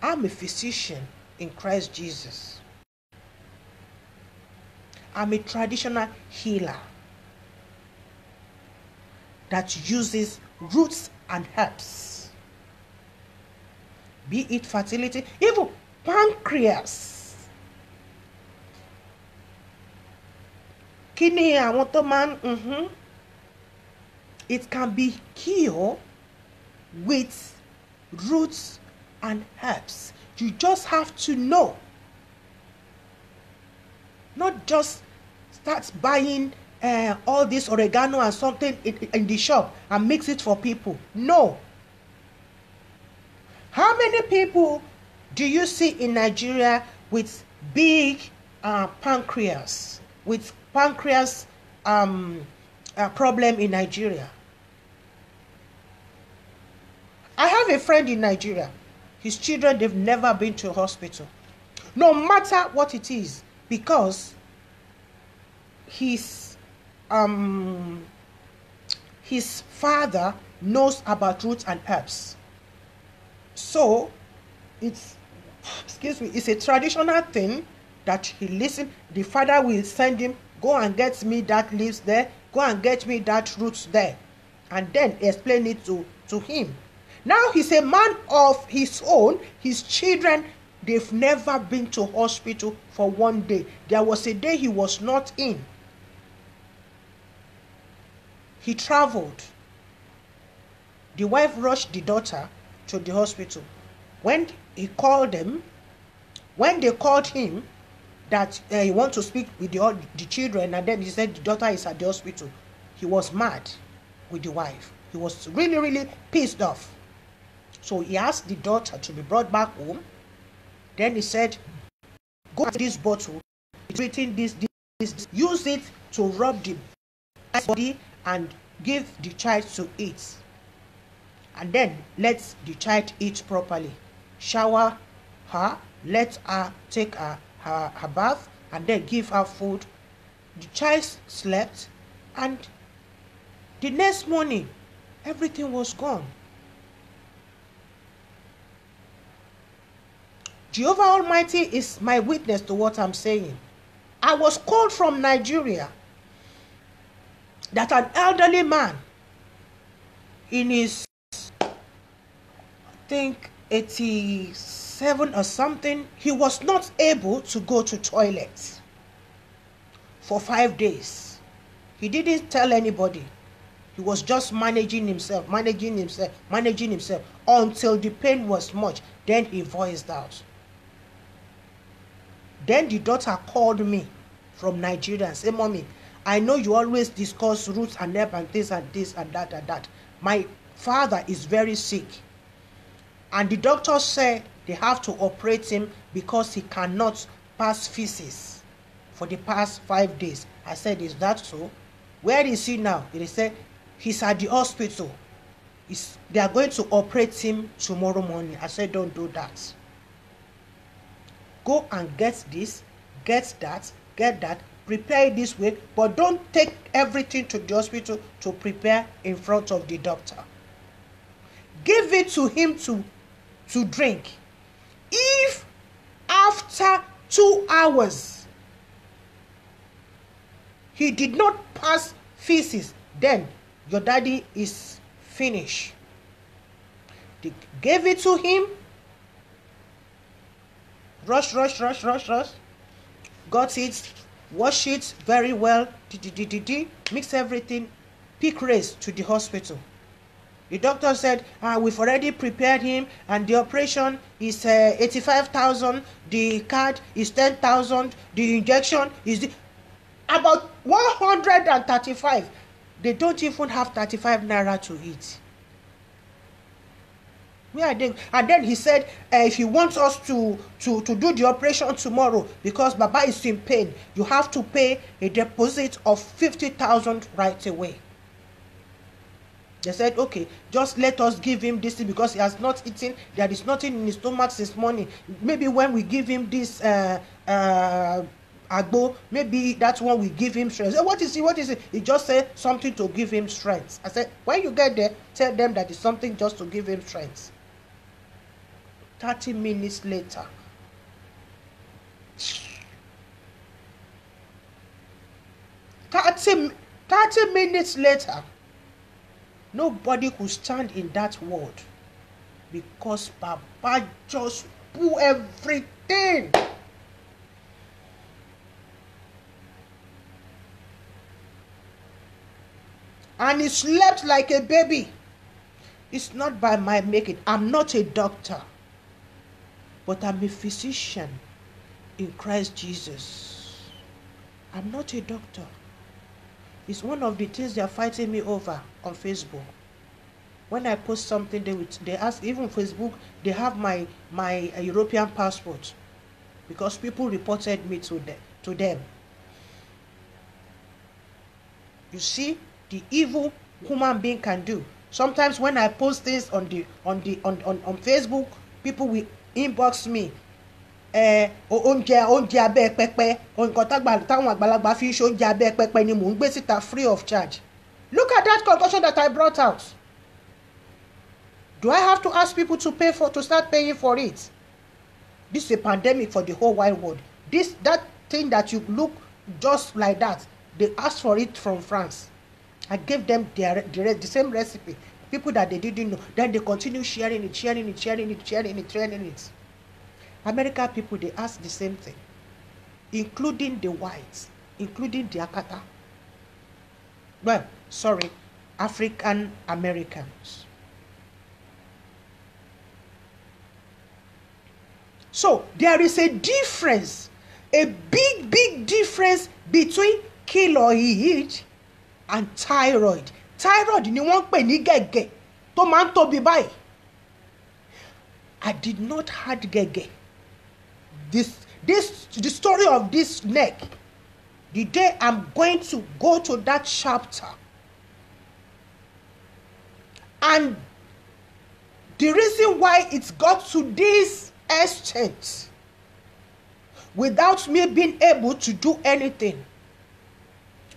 I'm a physician in Christ Jesus. I'm a traditional healer that uses roots and herbs, be it fertility, even pancreas. Kí ni àwọn tó máa ń. Mhm, It can be cured with roots and herbs. You just have to know. Not just start buying uh, all this oregano and something in, in the shop and mix it for people. No. How many people do you see in Nigeria with big uh, pancreas, with pancreas um, uh, problem in Nigeria? I have a friend in Nigeria. His children, they've never been to a hospital. No matter what it is, because his um his father knows about roots and herbs. So it's excuse me, it's a traditional thing that he listen. The father will send him, go and get me that leaves there, go and get me that roots there, and then explain it to, to him now he's a man of his own. His children, they've never been to hospital for one day. There was a day he was not in. He traveled. The wife rushed the daughter to the hospital. When he called them, when they called him that uh, he want to speak with the, the children, and then he said the daughter is at the hospital, he was mad with the wife. He was really, really pissed off. So he asked the daughter to be brought back home. Then he said, Go to this bottle, it's this, this, this, use it to rub the body and give the child to eat. And then let the child eat properly. Shower her, let her take her, her, her bath, and then give her food. The child slept, and the next morning, everything was gone. Jehovah Almighty is my witness to what I'm saying. I was called from Nigeria that an elderly man in his, I think, 87 or something, he was not able to go to toilet for five days. He didn't tell anybody. He was just managing himself, managing himself, managing himself until the pain was much. Then he voiced out. Then the daughter called me from Nigeria and said, Mommy, I know you always discuss roots and help and this and this and that and that. My father is very sick. And the doctor say they have to operate him because he cannot pass feces for the past five days. I said, Is that so? Where is he now? They said, He's at the hospital. It's, they are going to operate him tomorrow morning. I said, Don't do that go and get this get that get that prepare this way but don't take everything to the hospital to prepare in front of the doctor give it to him to to drink if after two hours he did not pass feces then your daddy is finished Give it to him rush rush rush rush rush got it wash it very well d-d-d-d-d, mix everything pick race to the hospital the doctor said ah, we've already prepared him and the operation is uh, eh, 85,000 the card is 10,000 the injection is the... about 135 they don't even have 35 naira to eat where are they and then he said uh, if you want us to to to do the operation tomorrow because baba is in pain you have to pay a deposit of fifty thousand right away they said okay just let us give him this thing because he has not eaten there is nothing in his stomach since morning maybe when we give him this uh, uh, agbo maybe that's when we give him strength so what is it what is it he just said something to give him strength i said when you get there tell them that it's something just to give him strength 30 minutes later. Thirty, 30 minutes later, nobody could stand in that world because Papa just blew everything. And he slept like a baby. It's not by my making. I'm not a doctor but I'm a physician in Christ Jesus. I'm not a doctor. It's one of the things they're fighting me over on Facebook. When I post something, they would, they ask even Facebook. They have my my uh, European passport because people reported me to them to them. You see the evil human being can do. Sometimes when I post things on the on the on, on, on Facebook, people will inbox me oúnjẹ oúnjẹ abẹ́ pẹpẹ nǹkan táwọn àgbàlagbà fi ń ṣe oúnjẹ abẹ́ pẹpẹ ni mò ń gbé síta free of charge look at that concoction that I brought out do I have to ask people to pay for to start paying for it this is a pandemic for the whole wide world this that thing that you look just like that they asked for it from France I gave them the, the, the same recipe people that they didn't know then they continue sharing it sharing it sharing it sharing it sharing it American people they ask the same thing including the whites including the akata well sorry african americans so there is a difference a big big difference between keloid and thyroid thyroid ni wọ́n ń pè ní gẹ̀gẹ̀ tó máa ń tóbi báyìí I did not had gẹ̀gẹ̀ this this the story of this neck the day I'm going to go to that chapter and the reason why it got to this extent without me being able to do anything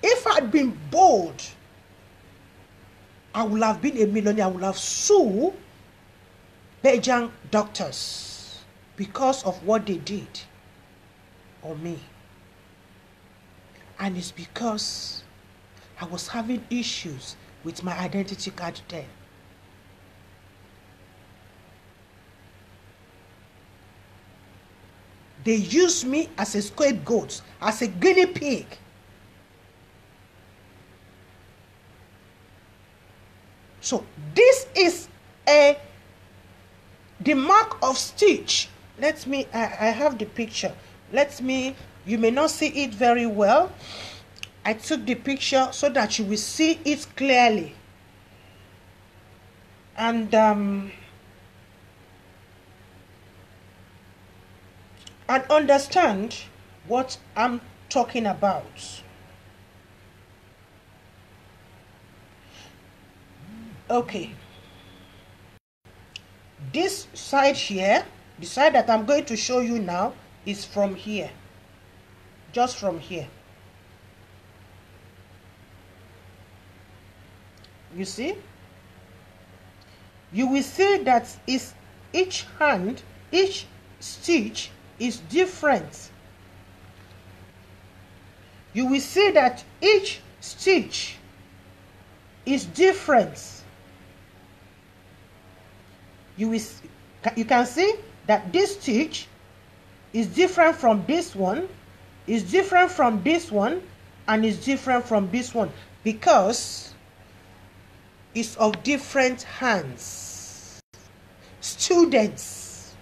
if I'd been bold I would have been a millionaire. I would have sued Beijing doctors because of what they did on me. And it's because I was having issues with my identity card There, They used me as a scapegoat, as a guinea pig. So this is a the mark of stitch. Let me, I, I have the picture. Let me, you may not see it very well. I took the picture so that you will see it clearly. And um, and understand what I'm talking about. okay this side here the side that i'm going to show you now is from here just from here you see you will see that is each hand each stitch is different you will see that each stitch is different you, will, you can see that this stitch is different from this one, is different from this one, and is different from this one because it's of different hands. Students.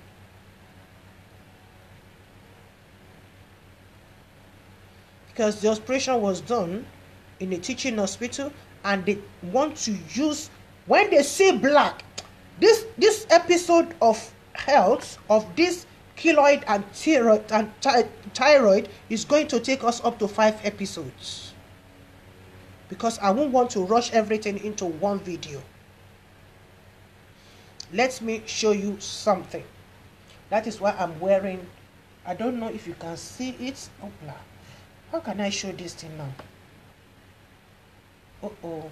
Because the operation was done in a teaching hospital and they want to use, when they see black, this, this episode of health of this keloid and thyroid, and thyroid is going to take us up to five episodes because I won't want to rush everything into one video. Let me show you something. That is why I'm wearing, I don't know if you can see it. Opla. Oh, How can I show this thing now? Oh oh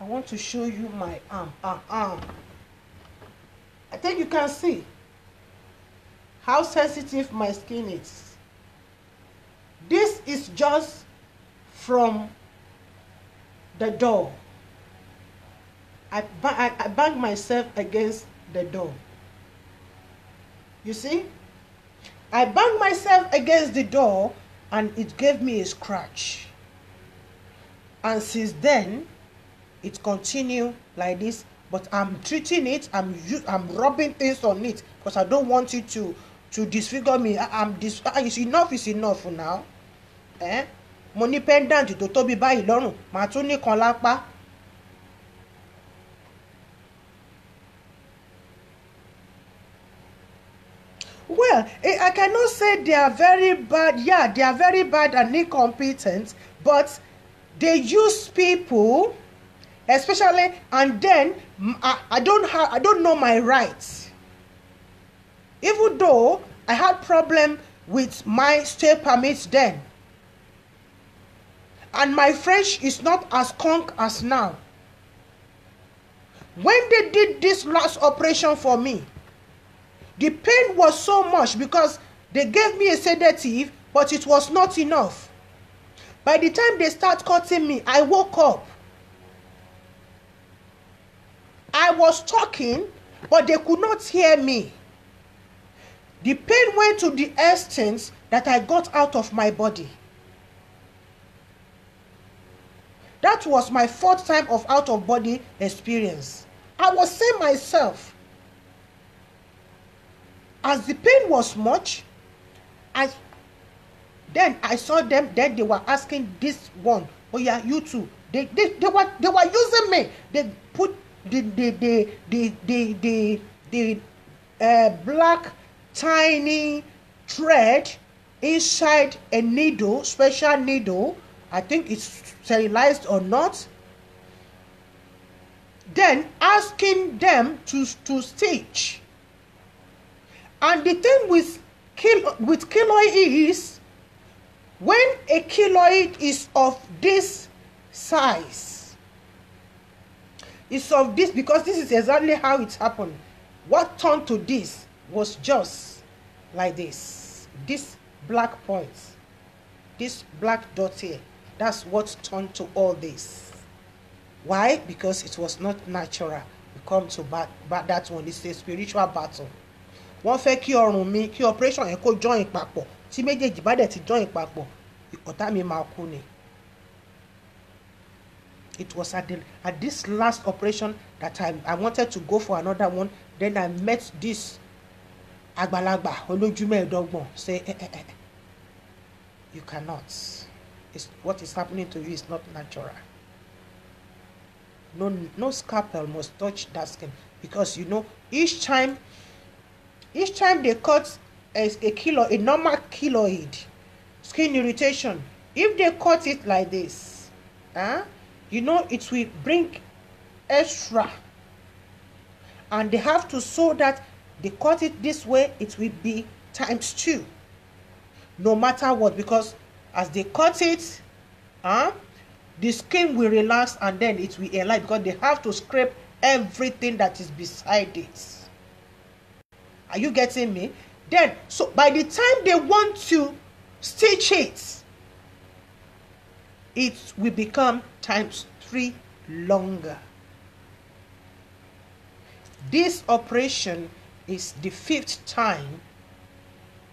I want to show you my arm. Ah ah! I think you can see how sensitive my skin is. This is just from the door. I, I, I bang myself against the door. You see? I banged myself against the door and it gave me a scratch. And since then, it continued like this but i'm treating it i'm i'm rubbing things on it because i don't want it to to disfigure me I, i'm dis ah, it's enough is enough for now eh? mo ní pendant tó tóbi báyìí lọ́rùn màá tún ní kan lápá. well eh, i cannot say they are very bad yeah they are very bad and incompetent but they use people especially and then I, I don't have I don't know my rights. Even though I had problem with my stay permit then, and my French is not as conk as now. When they did this last operation for me, the pain was so much because they gave me a sedative, but it was not enough. By the time they start cutting me, I woke up. I was talking, but they could not hear me. The pain went to the extent that I got out of my body. That was my fourth time of out of body experience. I was saying myself, as the pain was much, I then I saw them, then they were asking this one, oh yeah, you too. They, they, they were they were using me. They put the the the the the the, the uh, black tiny thread inside a needle special needle I think it's sterilized or not then asking them to to stitch and the thing with kilo with keloid is when a keloid is of this size is of this because this is exactly how it happened what turned to this was just like this this black point this black dot here that's what turned to all this why because it was not natural we come to bat. back that one it's a spiritual battle wọ́n fẹ́ kí ọrùn mi kí operation yẹn kó join papọ̀ tí méjèèjì bá dẹ̀ ti join papọ̀ ìkọ̀tá mi máa kú ni it was at, the, at this last operation that I, I wanted to go for another one then I met this àgbàlagbà olójú mẹ́ẹ̀ẹ́dọ́gbọ̀n say eh, eh, eh, eh. you cannot it's, what is happening to you is not natural no no scalpel must touch that skin because you know each time each time they cut a, a kilo a normal kiloid, skin irritation if they cut it like this huh, you know it will bring extra and they have to so that they cut it this way it will be times two no matter what because as they cut it huh, the skin will relax and then it will align because they have to scrape everything that is beside it are you getting me then so by the time they want to stitch it it will become times 3 longer. This operation is the fifth time.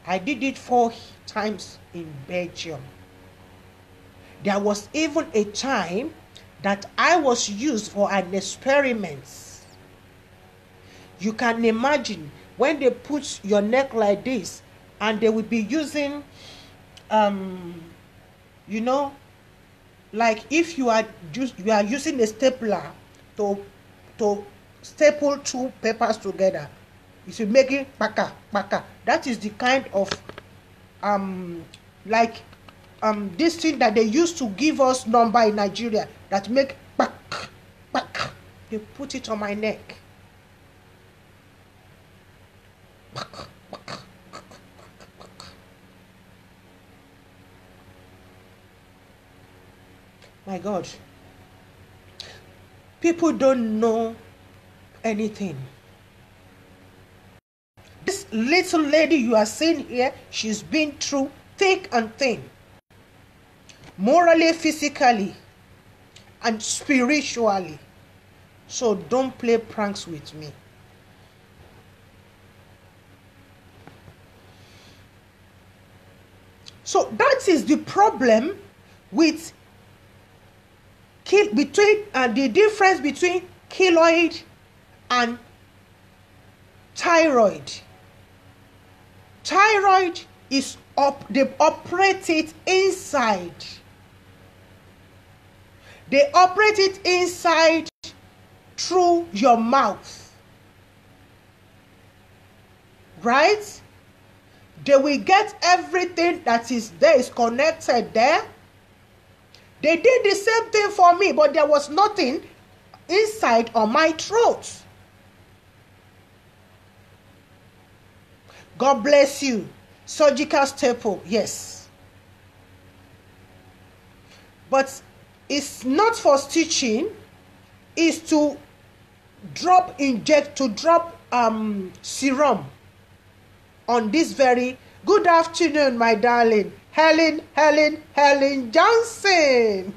I did it four times in Belgium. There was even a time that I was used for an experiment. You can imagine when they put your neck like this and they will be using, um, you know, like if you are just you are using a stapler to to staple two papers together you see making paka paka that is the kind of um like um this thing that they used to give us number in nigeria that make pak pak they put it on my neck pak pak My God. People don't know anything. This little lady you are seeing here, she's been through thick and thin. Morally, physically, and spiritually. So don't play pranks with me. So that is the problem with kill between uh, the difference between keloid and thyroid thyroid is up they operate it inside they operate it inside through your mouth right they will get everything that is there is connected there They did the same thing for me, but there was nothing inside on my throat. God bless you. Surgical staple, yes. But it's not for stitching, it's to drop inject to drop um serum on this very good afternoon, my darling. Helen, Helen, Helen Johnson.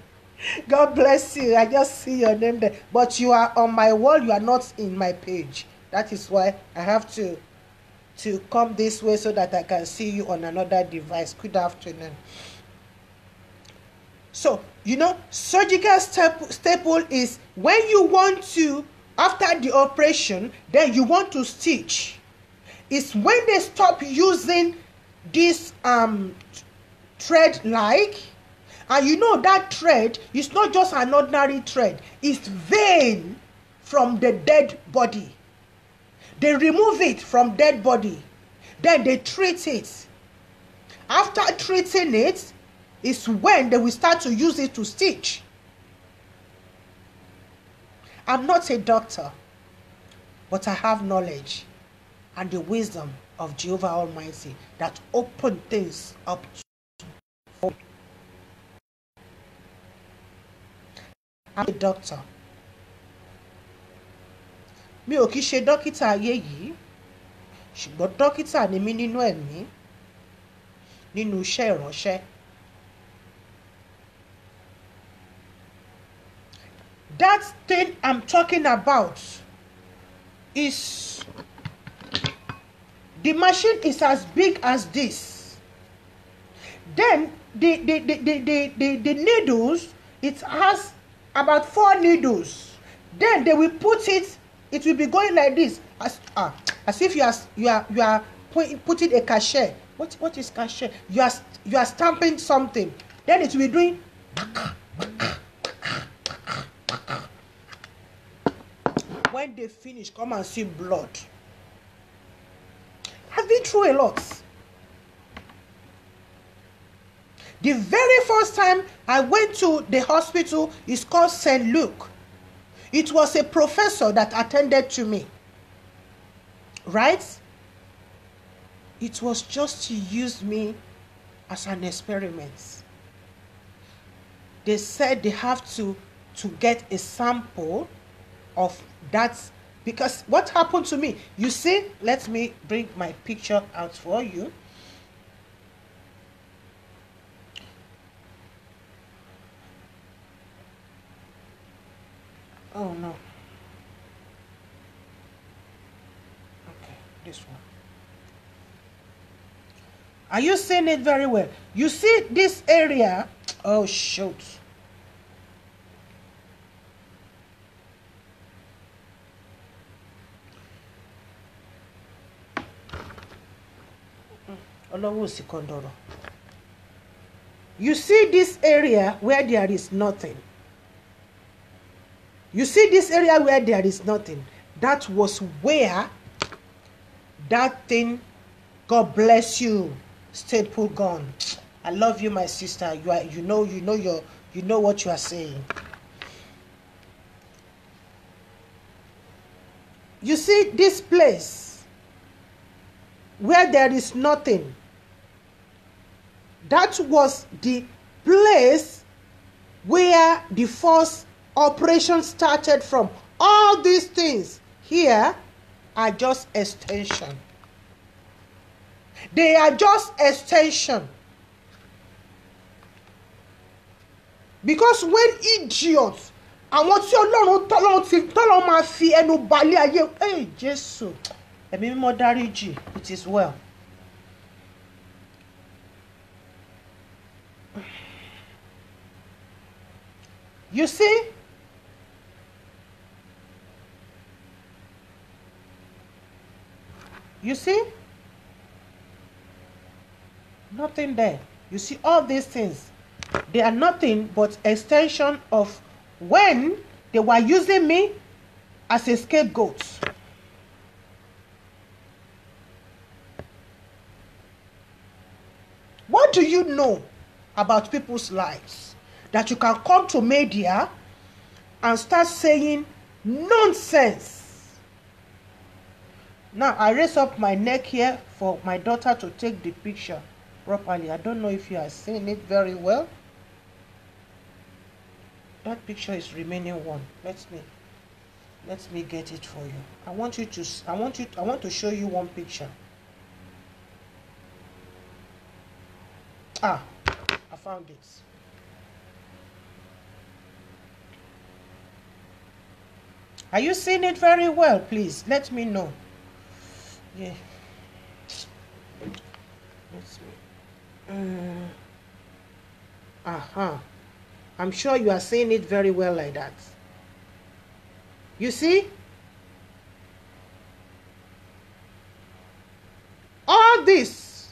God bless you. I just see your name there. But you are on my wall, you are not in my page. That is why I have to to come this way so that I can see you on another device. Good afternoon. So, you know, surgical step, staple is when you want to, after the operation, then you want to stitch. It's when they stop using this um, tread like and you know that tread is not just an ordinary tread it's vein from the dead body they remove it from dead body then they treat it after treating it is when they will start to use it to stitch i'm not a doctor but i have knowledge and the wisdom of jehovah almighty that open things up I'm a doctor. Mi ò kí ṣe dókítà ayé yìí ṣùgbọ́n dókítà ni mí nínú ẹ̀mí nínú iṣẹ́ ìránṣẹ́. That thing I'm talking about is the machine is as big as this. Then the, the, the, the, the, the, the needles, it has about four needles. Then they will put it, it will be going like this, as, ah, as if you are, you are, you are putting a cachet. What, what is cachet? You are, you are stamping something. Then it will be doing. When they finish, come and see blood. I've been through a lot. The very first time I went to the hospital is called St. Luke. It was a professor that attended to me. Right? It was just to use me as an experiment. They said they have to to get a sample of that because what happened to me you see let me bring my picture out for you Oh no. Okay, this one. Are you seeing it very well? You see this area? Oh shoot. Ọlọ́wọ́ òsì You see this area where there is nothing you see this area where there is nothing that was where that thing god bless you state pull gone. i love you my sister you are you know you know your you know what you are saying you see this place where there is nothing that was the place where the first operation started from. All these things here are just extension. They are just extension. Because when idiots àwọn tí ọlọ́run tọ́lọ́run ti tọ́lọ́run máa fi ẹnu balẹ̀ ayé ẹ̀ jésù ẹ̀mí mímọ́ dáríjì it is well. You see You see? Nothing there. You see all these things. They are nothing but extension of when they were using me as a scapegoat. What do you know about people's lives that you can come to media and start saying nonsense now i raise up my neck here for my daughter to take the picture properly i don't know if you are seeing it very well that picture is remaining one let me let me get it for you i want you to i want you i want to show you one picture ah i found it are you seeing it very well please let me know Yeah. Let's see. Mm. Uh-huh. I'm sure you are seeing it very well like that. You see? All this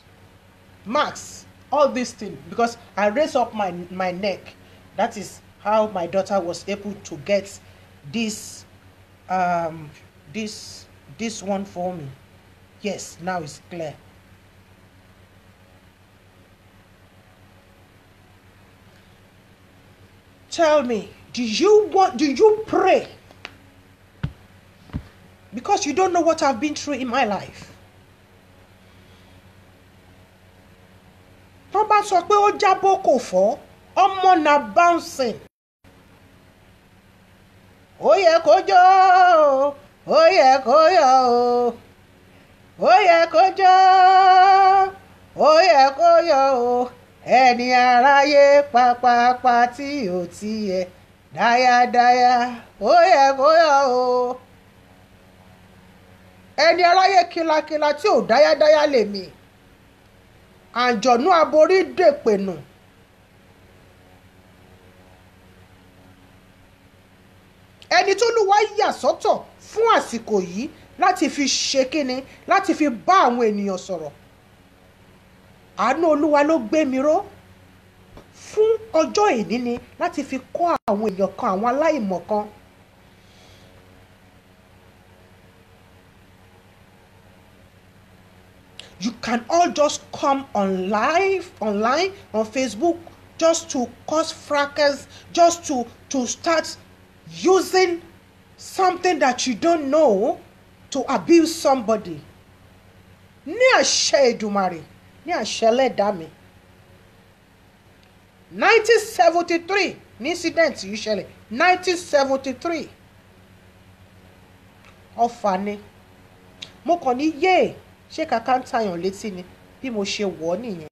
Max, all this thing, because I raised up my, my neck. That is how my daughter was able to get this um this this one for me Yes, now it's clear. Tell me, do you want do you pray? Because you don't know what I've been through in my life. Tó sọ pé ó jábọ́ kò fọ́, ọmọ na bouncing. Ó yẹ kó jó, ó yẹ kó yọ o ó yẹ kó jọ́ ó yẹ kó yọ o ẹni aráyé pápápá tí ò tiẹ̀ dáyadáya ó yẹ kó yọ o ẹni aráyé kílakíla tí ò dáyadáya lèmi àǹjọ̀nú aborí dèpènù. ẹni tó lù wá yà sọ́tọ̀ fún àsìkò yìí láti fi ṣe kíni láti fi bá àwọn ènìyàn sọ̀rọ̀ àánú olúwa ló gbé mi ró fún ọjọ́ ìní ni láti fi kọ́ àwọn èèyàn kan àwọn aláìmọ̀ kan. You can all just come on live, online, on Facebook, just to cause fracas, just to, to start using something that you don't know to abuse somebody ní àṣẹ Èdùmàrè ní àṣẹ Ẹlẹ́dàá mi nineteen seventy three ní incident yìí ṣẹlẹ̀ nineteen seventy three ọfà ni mo kàn ní yéè ṣé kàkà ń tayàn létí ni bí mo ṣe wọ̀ ọ́ nìyẹn.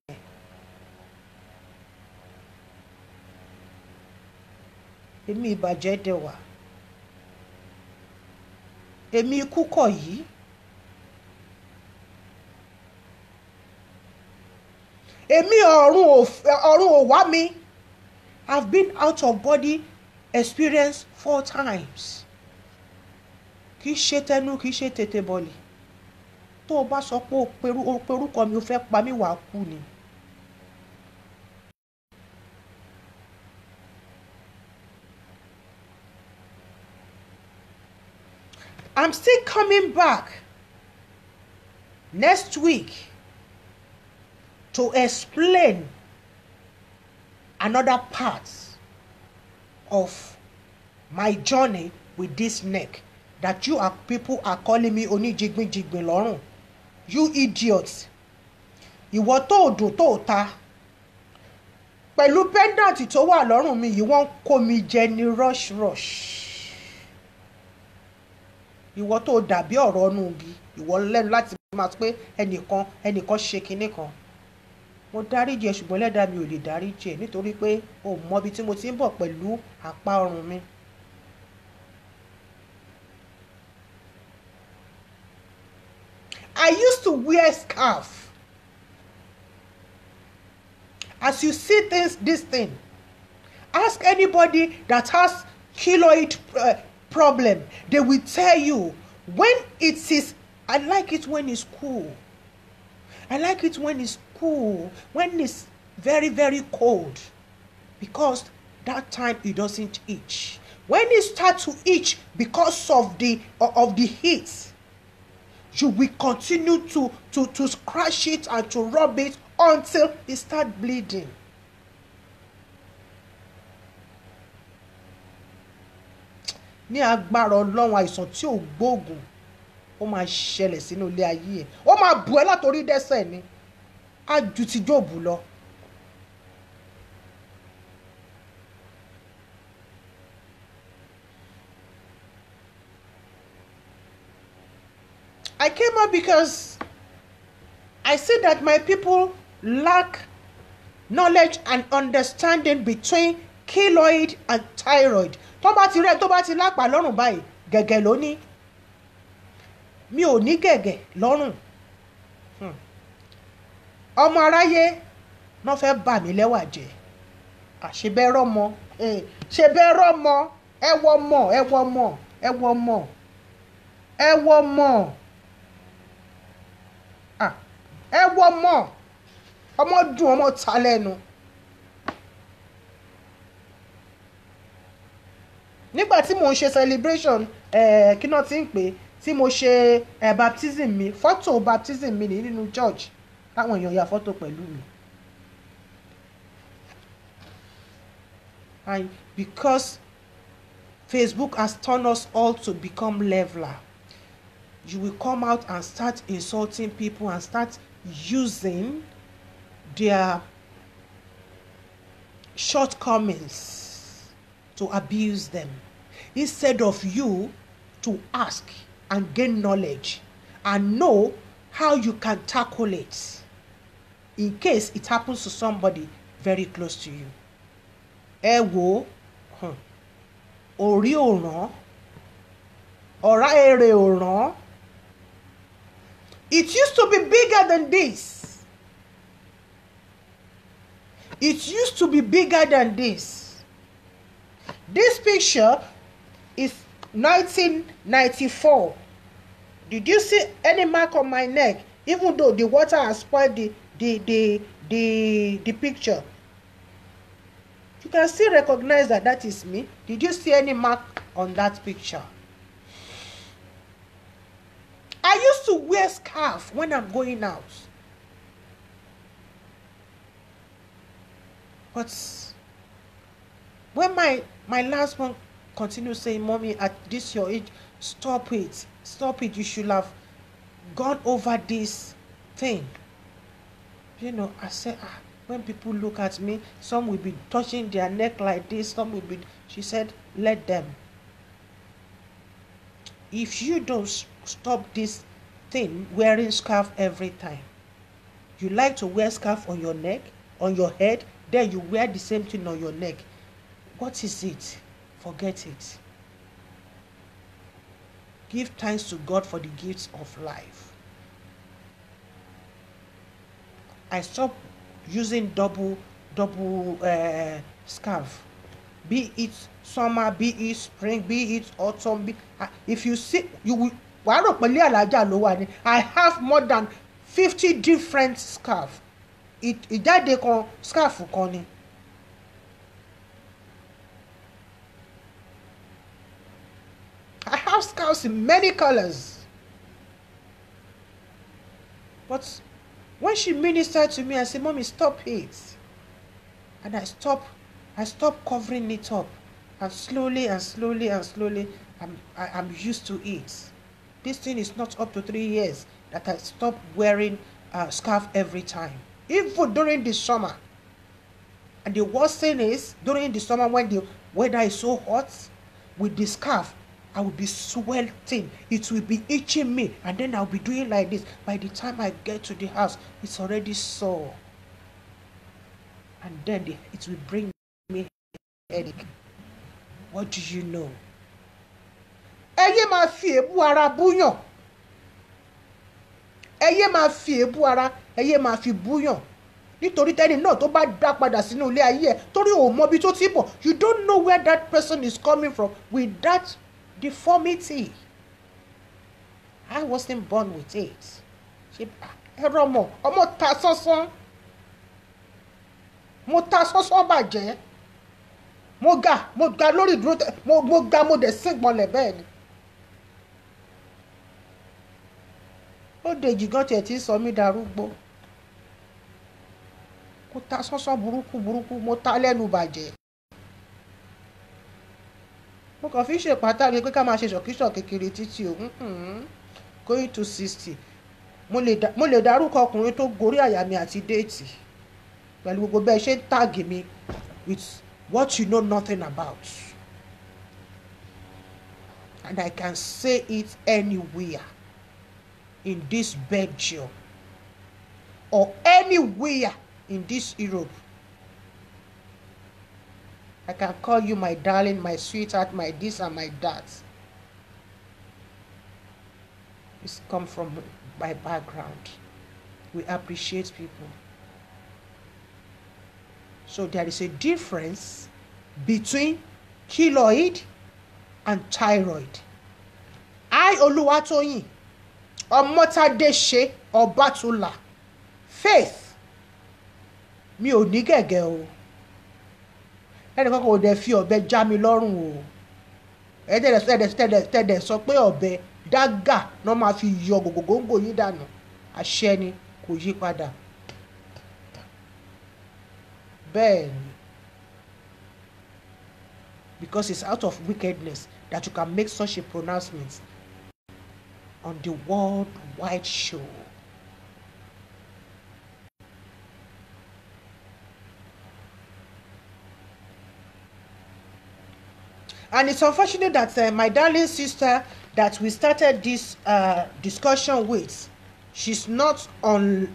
èmi ìbàjẹ́ dẹ̀ wá èmi ikú kọ̀ yìí èmi ọ̀run ò wá mi I've been out of body experience four times kì í ṣe tẹnu kì í ṣe tètè bọ̀lì tó o bá sọ pé o perúkọ mi o fẹ́ pa mí wàá kú ni. I'm still coming back next week to explain another part of my journey with this neck that you are people are calling me oníjigbinjigbin lorun, you idiots ìwọ tó o dùn tó o ta pẹ̀lú pendant tó wà lọ́rùn mi yìí wọ́n ń kó mi jẹ ní rush rush ìwọ tó dàbí ọ̀rọ̀ ọ̀nù bí ìwọ lẹ́nu láti máa pé ẹnìkan ẹnìkan ṣe kinní kan mo dáríjì ẹ ṣùgbọ́n ẹlẹ́dàá mi ò lè dáríjì ẹ nítorí pé o mọ̀ ibi tí mo ti ń bọ̀ pẹ̀lú àpá ọrùn mi. I used to wear scarf. As you see things, this thing, ask anybody that has keloid uh, problem they will tell you when it is i like it when it's cool i like it when it's cool when it's very very cold because that time it doesn't itch when it start to itch because of the of the heat you will continue to to to scratch it and to rub it until it start bleeding ní agbára ọlọ́run àìsàn tí ò gbóògùn ó máa ṣẹlẹ̀ sínú ilé ayé ẹ̀ ó máa bù ẹ́ látòrí dẹ́sẹ̀ ni á ju ti Jóòbù lọ. I came up because I see that my people lack knowledge and understanding between keloid and thyroid tó bá ti rẹ tó bá ti lápá lọ́rùn báyìí gẹ̀gẹ̀ ló ní mi ò ní gẹ̀gẹ̀ lọ́rùn hmm. ọmọ aráyé náà fẹ́ bà mí lẹ́wà jẹ́ àṣebẹ́ rọ́mọ ṣebẹ́ rọ́mọ ẹ wọ mọ ẹ wọ mọ ẹ wọ mọ ẹ wọ mọ ẹ wọ mọ ọmọ dùn ọmọ ta lẹ́nu. No. nígbà tí mò ń ṣe celebration kí náà ti ń pè tí mo ṣe baptism mi Photo baptism mi nìyí nínú church táwọn èèyàn ya photo pẹ̀lú mi. and because Facebook has turned us all to become leveler you will come out and start insulting people and start using their shortcomings to abuse them instead of you to ask and gain knowledge and know how you can tackle it in case it happens to somebody very close to you. ẹ wo hmm, orí òràn ọ̀rá èrè òràn it used to be bigger than this it used to be bigger than this this picture is 1994. Did you see any mark on my neck? Even though the water has spoiled the, the, the, the, the picture. You can still recognize that that is me. Did you see any mark on that picture? I used to wear scarf when I'm going out. But when my, my last one continue saying, Mommy, at this your age, stop it. Stop it. You should have gone over this thing. You know, I said, ah, when people look at me, some will be touching their neck like this, some will be. She said, let them. If you don't stop this thing, wearing scarf every time, you like to wear scarf on your neck, on your head, then you wear the same thing on your neck. What is it? forget it. Give thanks to God for the gifts of life. I stop using double double uh, scarf. Be it summer, be it spring, be it autumn. Be, uh, if you see, you will. I have more than fifty different scarf. ìjáde kan scarf for ni. I have skulls in many colors. But when she ministered to me, I said, Mommy, stop it. And I stop, I stop covering it up. And slowly and slowly and slowly, I'm, I, am used to it. This thing is not up to three years that I stop wearing a uh, scarf every time. Even during the summer. And the worst thing is, during the summer when the weather is so hot, with the scarf, I will be sweating. It will be itching me. And then I'll be doing like this. By the time I get to the house, it's already sore. And then the, it will bring me headache. What do you know? Ẹ ma máa fi èébú ara búyàn. Ẹ ma máa fi èébú ara ẹ ma máa fi búyàn. nítorí tẹ́ni náà tó bá dá padà sínú ilé ayé ẹ̀ torí òun mọ ibi tó ti bọ̀ you don't know where that person is coming from with that deformity I wasn't born with it ṣe ah, ẹrọ ọmọ ọmọ ta sánsán mo ta sánsán bàjẹ́ mo ga mo ga lórí ìdúró mo ga mo dẹ̀ sìngbọnlẹ̀ bẹ́ẹ̀ ni. ó dèjì gan tiẹ̀ tí ń sọ mí darúgbó mo ta sánsán burúkú burúkú mo ta lẹ́nu bàjẹ́ mo kàn fi ń ṣe pàtàkì pé ká máa ṣe ṣọ̀kíṣọ̀ kékeré títí o going to sixty mo lè dárúkọ ọkùnrin tó gorí àyà mi àti déètì pẹ̀lú gbogbo bẹ́ẹ̀ ṣe ń tààgì mi with what you know nothing about and I can say it anywhere in this Belgium or anywhere in this Europe I can call you my darling, my sweetheart, my this and my that. This come from my background. We appreciate people. So there is a difference between keloid and thyroid. I or Oluwatoyin Omotadeshe Obatula Faith mi ò ní o ẹnì kankan ò dẹ̀ fi ọ̀bẹ já mi lọ́rùn o ẹ̀ẹ́dẹ̀dẹ̀ sọ pé ọ̀bẹ dágà náà máa fi yọ gògògóńgò yín dànù àṣẹ ni kò yí padà bẹ́ẹ̀ ni because it's out of wickedness that you can make such a pronouncement on the worldwide show. and it's unfortunate that uh, my darling sister that we started this uh, discussion with she's not on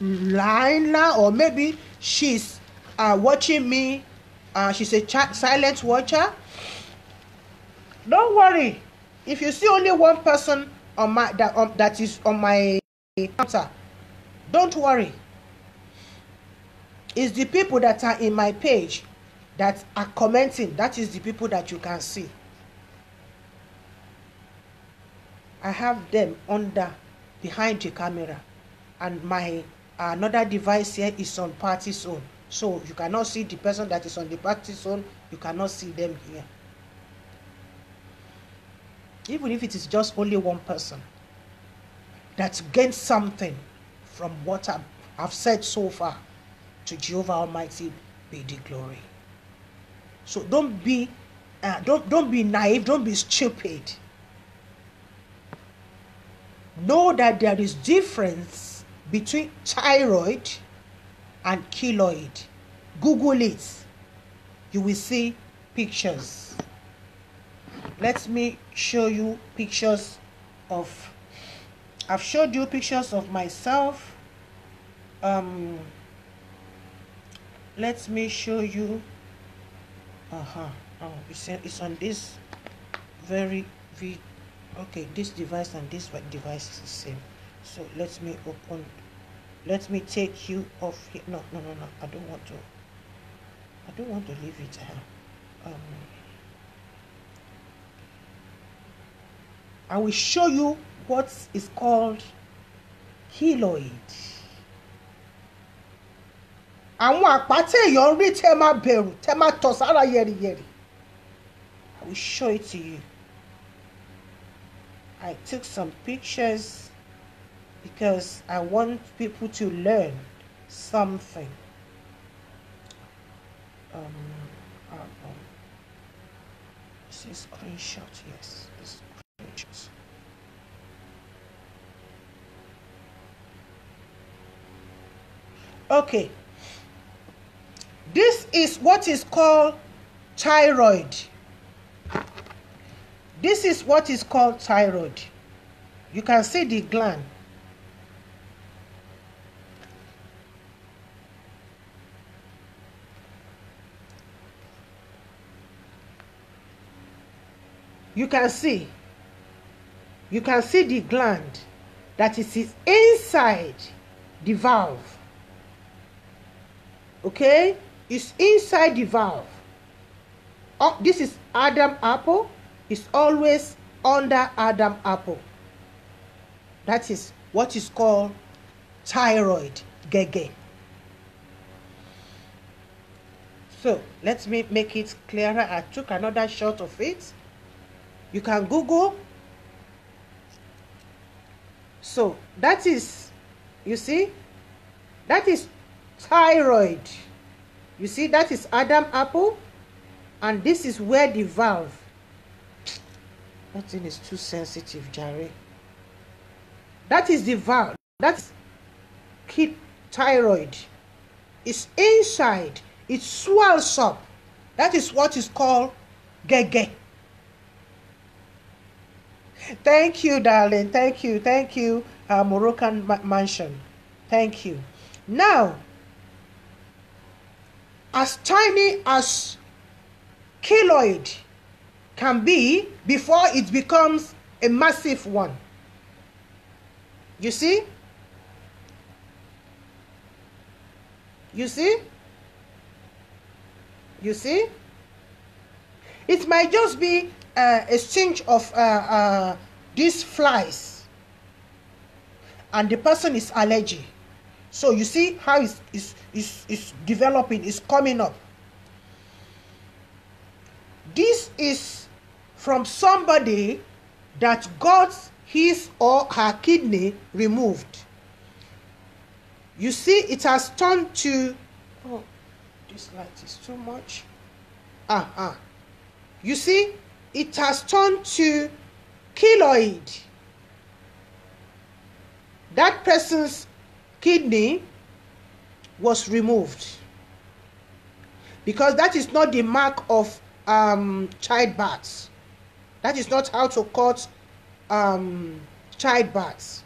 line now or maybe she's uh, watching me uh, she's a ch- silent watcher don't worry if you see only one person on my that, um, that is on my counter don't worry it's the people that are in my page that are commenting that is the people that you can see i have them under behind the camera and my another device here is on party zone so you cannot see the person that is on the party zone you cannot see them here even if it is just only one person that gains something from what I've said so far to jehovah almighty be the glory So don't be uh, don't don't be naive, don't be stupid. Know that there is difference between thyroid and keloid. Google it. You will see pictures. Let me show you pictures of I've showed you pictures of myself. Um, let me show you uh-huh oh it's, it's on this very v okay this device and this what device is the same so let me open let me take you off here no no no no i don't want to i don't want to leave it uh, um i will show you what is called keloid àwọn àpá téèyàn ń rí tẹ́ máa bẹ̀rù tẹ́ máa tọ̀ sára yẹ̀rìyẹ̀rì I will show it to you I took some pictures because I want people to learn something. Um, um, um. this is screenshot? Yes, this is screenshot. Okay. This is what is called thyroid. This is what is called thyroid. You can see the gland. You can see. You can see the gland that is inside the valve. Okay? is inside the valve. Oh, this is Adam apple. It's always under Adam apple. That is what is called thyroid gege. So let me make it clearer. I took another shot of it. You can Google. So that is, you see, that is thyroid. You see, that is Adam apple. And this is where the valve. That thing is too sensitive, Jerry. That is the valve. That's kid thyroid. It's inside. It swells up. That is what is called gege. Thank you, darling. Thank you. Thank you, uh, Moroccan ma mansion. Thank you. Now, as tiny as keloid can be before it becomes a massive one. You see? You see? You see? It might just be uh, a change of uh, uh, these flies and the person is allergic. So you see how it's, it's, it's, it's developing, it's coming up. This is from somebody that got his or her kidney removed. You see, it has turned to. Oh, this light is too much. Ah, ah. You see, it has turned to keloid. That person's kidney was removed because that is not the mark of um, childbirth. That is not how to cut um, childbirth.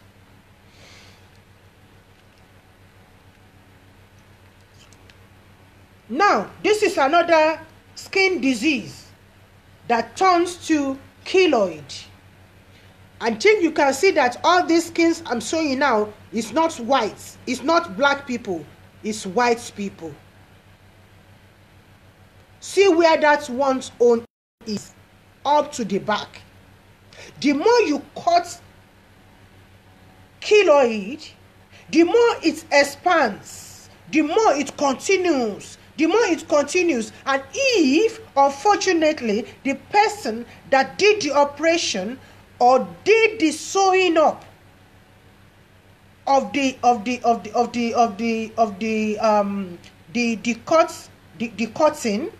Now, this is another skin disease that turns to keloid. And then you can see that all these skins I'm showing now is not white, it's not black people, it's white people. See where that one's own is, up to the back. The more you cut kilo it, the more it expands, the more it continues, the more it continues. And if, unfortunately, the person that did the operation or did the sewing up of the of the of the of the of the of the um the the cuts the, the cutting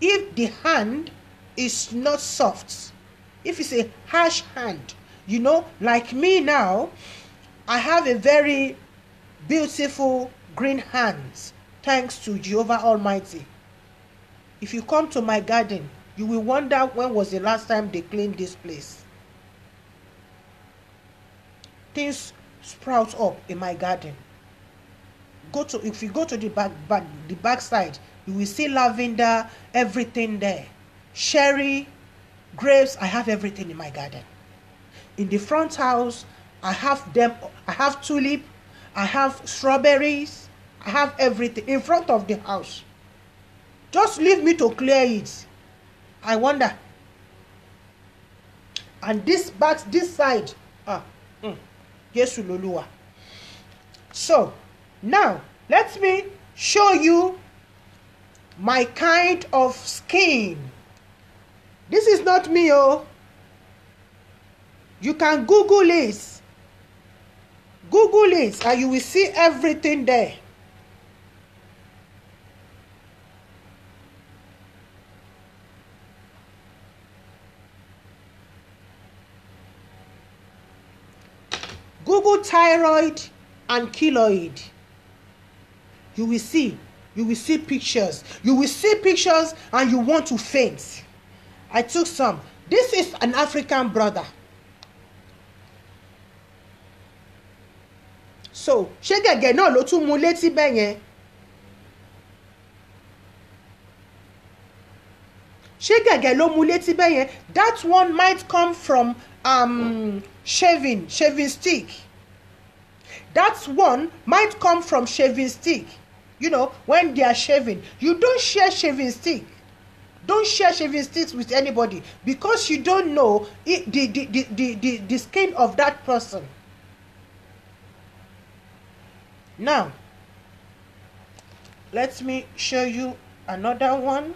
if the hand is not soft if it's a harsh hand you know like me now i have a very beautiful green hands thanks to jehovah almighty if you come to my garden you will wonder when was the last time they cleaned this place things sprout up in my garden go to if you go to the back back the back side you will see lavender everything there sherry grapes i have everything in my garden in the front house i have them i have tulip i have strawberries i have everything in front of the house just leave me to clear it i wonder and this back this side ah mm, Jésù lolúwa. So now let me show you my kind of skin. This is not me o. You can Google it. Google it and you will see everything there. thyroid and keloid you will see you will see pictures you will see pictures and you want to faint i took some this is an african brother so ṣé gẹ̀gẹ̀ náà ló tún mu létí bẹ́ẹ̀ yẹn ṣé gẹ̀gẹ̀ ló mu létí bẹ́ẹ̀ yẹn that one might come from um, shaving shaving stick. that one might come from shaving stick you know when they are shaving you don't share shaving stick don't share shaving sticks with anybody because you don't know it, the, the, the, the, the, the skin of that person now let me show you another one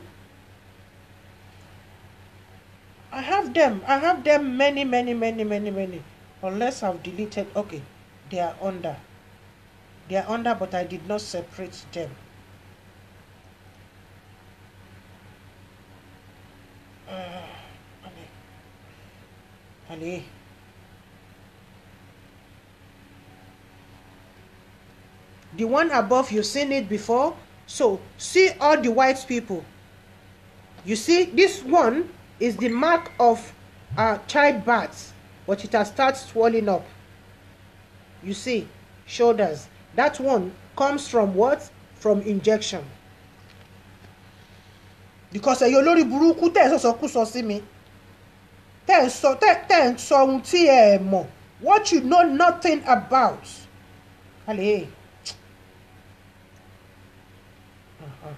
i have them i have them many many many many many unless i've deleted okay they are under. They are under, but I did not separate them. Uh, Ali. The one above, you've seen it before. So, see all the white people. You see, this one is the mark of uh, childbirth, but it has started swelling up. you see, shoulders. That one comes from what? From injection. Because ẹ̀yin olórí burúkú tẹ̀ ń sọ̀sọ̀ kú sọ sí mi. Tẹ̀ ń sọ tẹ̀ ń sọ ohun tí ẹ mọ̀. What you know nothing about. Alẹ́. Uh-huh.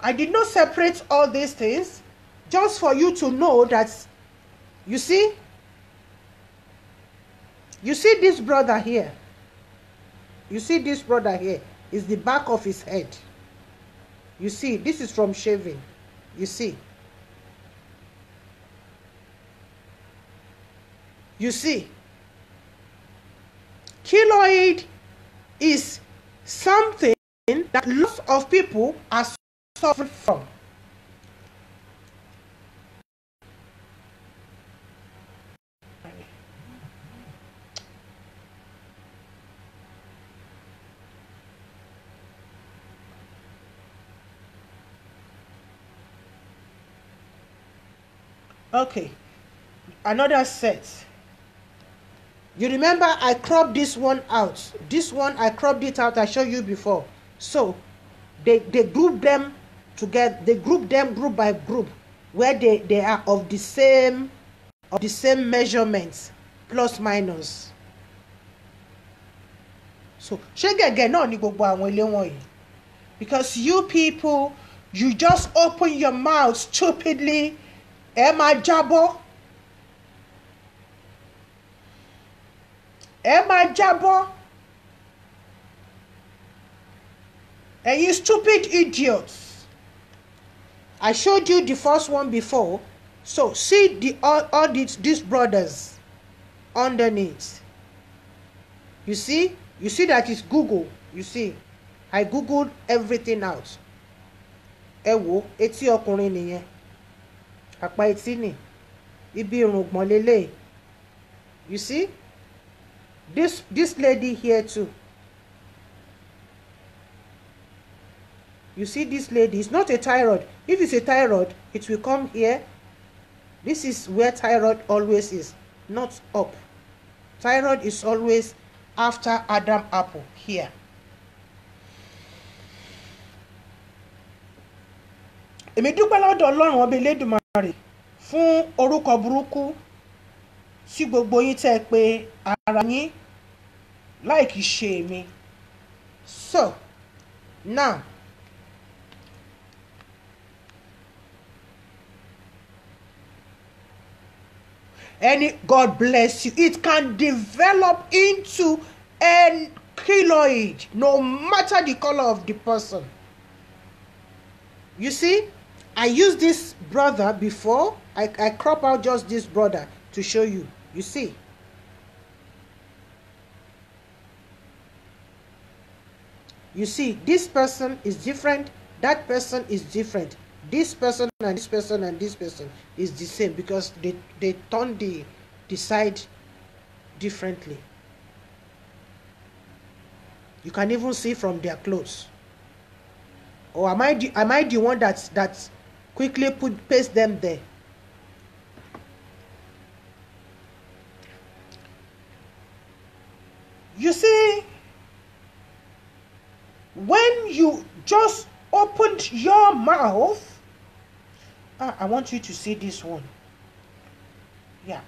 I did not separate all these things just for you to know that, you see, You see this brother here. You see this brother here is the back of his head. You see, this is from shaving. You see. You see. Keloid is something that lots of people are suffering from. okay another set you remember I cropped this one out this one I cropped it out I showed you before so they they group them together they group them group by group where they they are of the same of the same measurements plus minus so ṣé gẹ́gẹ́ náà ni gbogbo àwọn ilé wọ̀nyí because you people you just open your mouth stupidly ẹ máa jábọ́ ẹ máa jábọ́ ẹ̀yin stupid idiots I showed you the first one before so see the all, all these, these brothers underneath you see you see that is Google you see I googled everything out ẹ wo etí ọkùnrin nìyẹn àpá etí nì ibi irùngbọ̀n lélẹ̀ you see this this lady here too you see this lady is not a thyroid if it's a thyroid it will come here this is where thyroid always is not up thyroid is always after adam apple here èmi dúpẹ́ lọ́dọ̀ ọlọ́run ọba elédùnmọ́ rè fún orúkọ burúkú sí gbogbo yín tẹ́ ẹ pé ara yín láì ṣe èmi so now any God bless you it can develop into a keloid no matter the color of the person you see. I used this brother before. I, I crop out just this brother to show you. You see? You see, this person is different, that person is different. This person and this person and this person is the same because they, they turn the, the side differently. You can even see from their clothes. Or am I the, am I the one that's, that's quickly put paste them there you see when you just opened your mouth ah, i want you to see this one yeah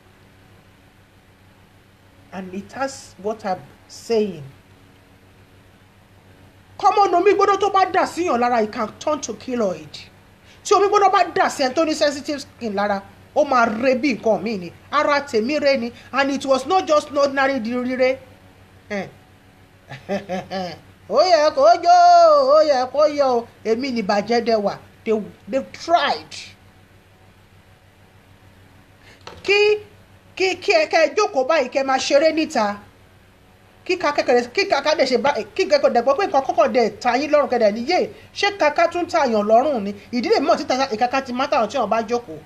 and it has what i'm saying Come kọ́mọ́nà omi gbọ́dọ̀ tó bá dà síyàn lára it can turn to keloid tí omi gbóná bá dà sí ẹni sensitive skin lára ó máa re bí nǹkan míì ni ara tèmi re ni and it was not just ordinary di rire ó yẹ kó yọ ó yẹ kó yọ o èmi ní bàjẹ́ dẹ wà they they tried kí kí kí ẹ kẹ́ ẹ jókòó báyìí kẹ́ ẹ máa ṣeré níta kíka kékeré kíka ká dẹ̀ ṣe bá kíka kò dẹ̀ pé nǹkan kọ́kọ́ dẹ̀ ta yín lọ́rùn kẹ́dẹ̀ ní yé ṣé kaka tún ta yàn lọ́rùn ni ìdílé mọ̀ títa ìkaka ti mátà tí wọ́n jókòó.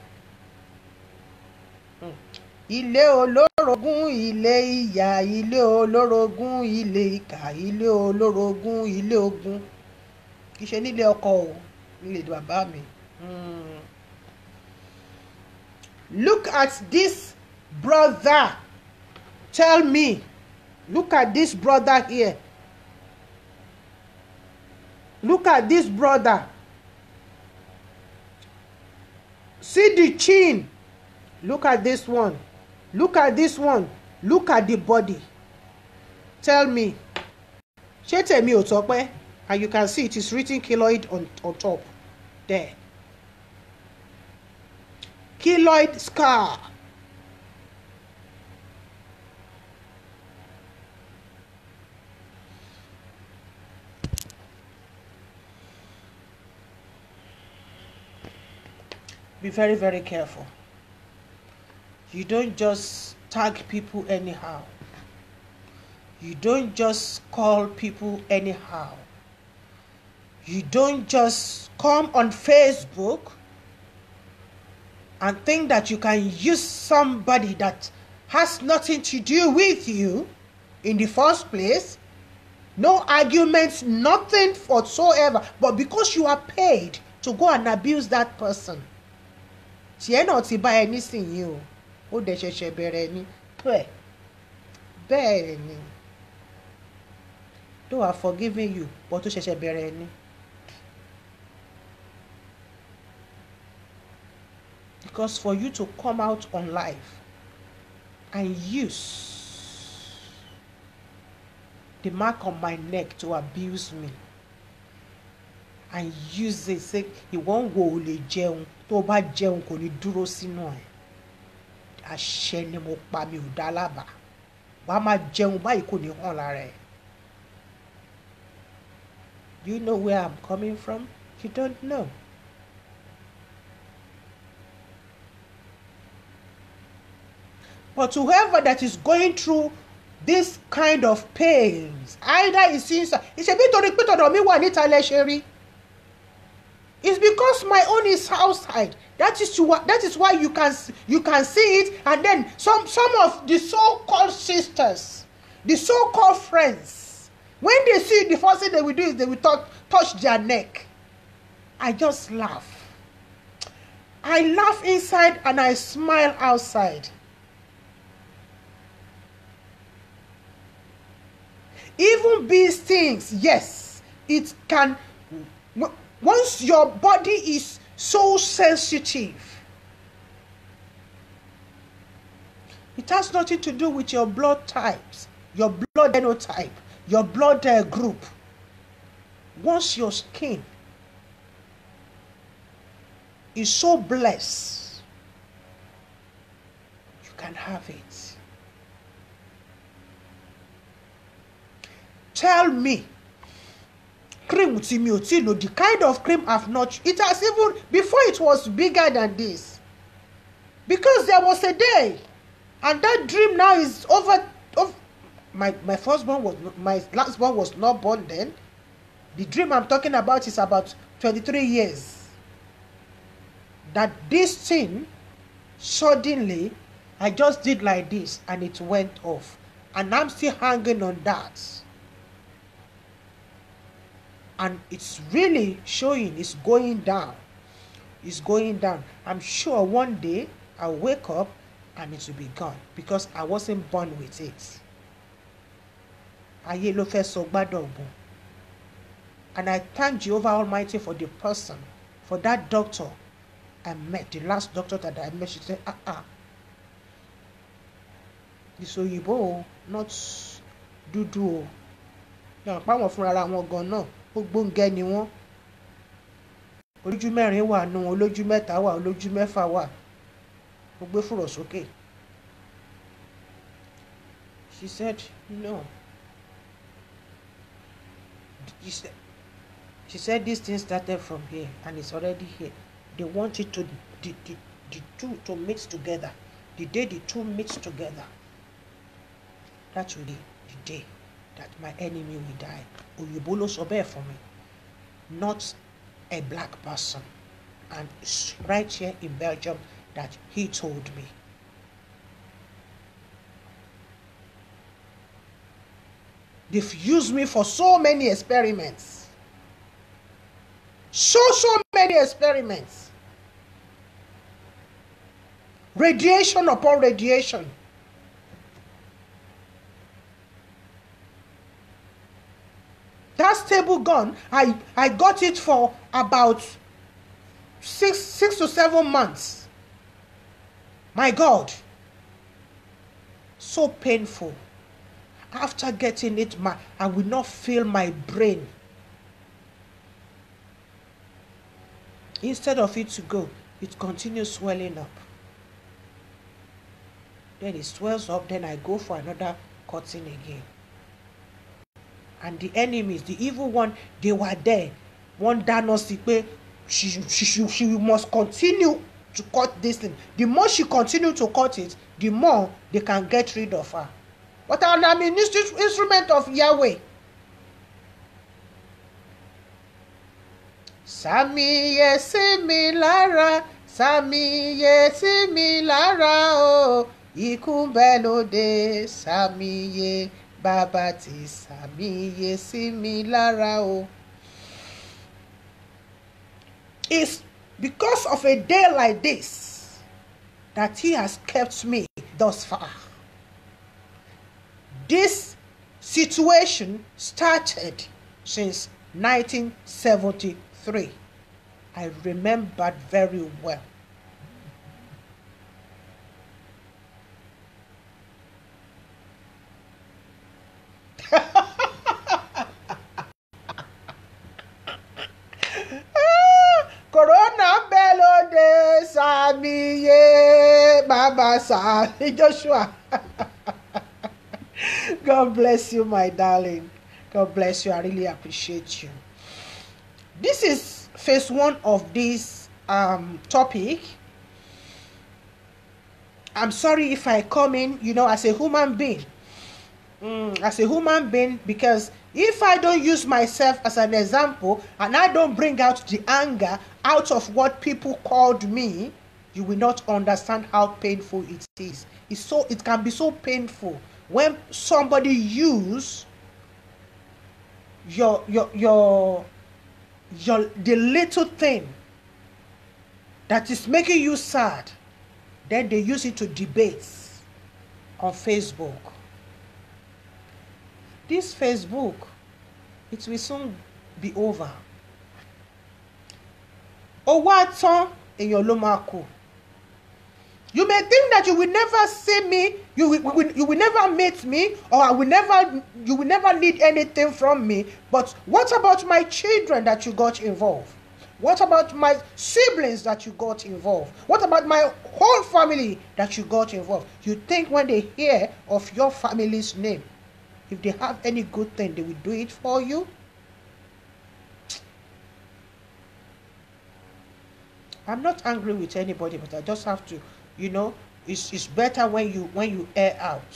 Hmm. ilé olórogún ilé ìyà ilé olórogún ilé ìkà ilé olórogún ilé ogun kì í ṣe nílé ọkọ o nílé bàbá mi. Hmm. Look at this brother tell me Look at this brother here. Look at this brother. See the chin. Look at this one. Look at this one. Look at the body. Tell me. Ṣé tèmi ò tọ́pẹ́? And you can see it is written keloid on, on top. There. Keloid scar. be very, very careful. You don't just tag people anyhow. You don't just call people anyhow. You don't just come on Facebook and think that you can use somebody that has nothing to do with you in the first place. No arguments, nothing whatsoever. But because you are paid to go and abuse that person, tiẹ̀ náà ti bá ẹ nísìnyìí o ó dẹ̀ ṣẹ̀ṣẹ̀ bẹ̀rẹ̀ ni pẹ̀ bẹ́ẹ̀ ni though I forgiven you but tó ṣẹ̀ṣẹ̀ bẹ̀rẹ̀ ni. because for you to come out on life and use the mark on my neck to abuse me and use it ṣe ìwọ ń wo ò lè jẹun tó o bá jẹun kò ní dúró sínú ẹ̀ àṣẹ ni mo pa mi ò dá lábàá wàá máa jẹun báyìí kò ní hàn lára ẹ̀. Do you know where I'm coming from? You don't know. But whoever that is going through this kind of pains, either is inside, ìṣèbí torí pé tọ̀dọ̀ mi wà níta lẹ́ṣẹ̀ rí. It's because my own is outside. That is what that is why you can you can see it. And then some some of the so-called sisters, the so-called friends, when they see it, the first thing they will do is they will touch, touch their neck. I just laugh. I laugh inside and I smile outside. Even these things, yes, it can once your body is so sensitive, it has nothing to do with your blood types, your blood genotype, your blood uh, group. Once your skin is so blessed, you can have it. Tell me cream tí mi ò tí lò the kind of cream I've not it has even before it was bigger than this because there was a day and that dream now is over of my my first born was my last born was not born then the dream I'm talking about is about twenty-three years that this thing suddenly I just did like this and it went off and I'm still hanging on that and it's really showing it's going down it's going down i'm sure one day i'll wake up and it will be gone because i wasn't born with it ayé ló fẹ́ sọ gbádùn ògùn and i thank jehovah almighty for the person for that doctor i met the last doctor that i met she say ah ah ìsòyìnbó o not dúdú o yàrá pàwọn fúnra wọn gan náà ògbóǹgẹ ni wọ́n olójú mẹ́rin wà nù wọn olójú mẹ́ta wà olójú mẹ́fà wà mo gbé fùrọ̀ sókè she said no she said, she said this thing started from here and it's already here they want it to the, the, the two to mix together the day the two mix together that will be the day. that my enemy will die. Òyìnbó obey for me, not a black person. And it's right here in Belgium that he told me. They've used me for so many experiments. So, so many experiments. Radiation upon radiation. that stable gun i i got it for about six six to seven months my god so painful after getting it my i will not feel my brain instead of it to go it continues swelling up then it swells up then i go for another cutting again and the enemies the evil one they were there One dáná sí pé she she she must continue to cut this thing the more she continue to cut it the more they can get rid of her but I am an instrument of Yahweh. sàmì yẹ sí mi lára sàmì yẹ sí mi lára o ikú bẹ́ẹ̀ lóde sàmì yẹ. bàbá ti sàmì sí mi lára o. It's because of a day like this that he has kept me thus far. This situation started since 1973. I remembered very well. Sunday Sabiye Baba Sabi Joshua. God bless you, my darling. God bless you. I really appreciate you. This is phase one of this um, topic. I'm sorry if I come in, you know, as a human being mm, as a human being because if I don't use myself as an example and I don't bring out the anger out of what people called me, you will not understand how painful it is. It's so it can be so painful when somebody use your your your your the little thing that is making you sad, then they use it to debate on Facebook this Facebook, it will soon be over. Oh what èèyàn ló máa You may think that you will never see me, you will, will, you will never meet me, or I will never, you will never need anything from me. But what about my children that you got involved? What about my siblings that you got involved? What about my whole family that you got involved? You think when they hear of your family's name, if they have any good thing, they will do it for you. I'm not angry with anybody, but I just have to, you know, it's, it's better when you when you air out.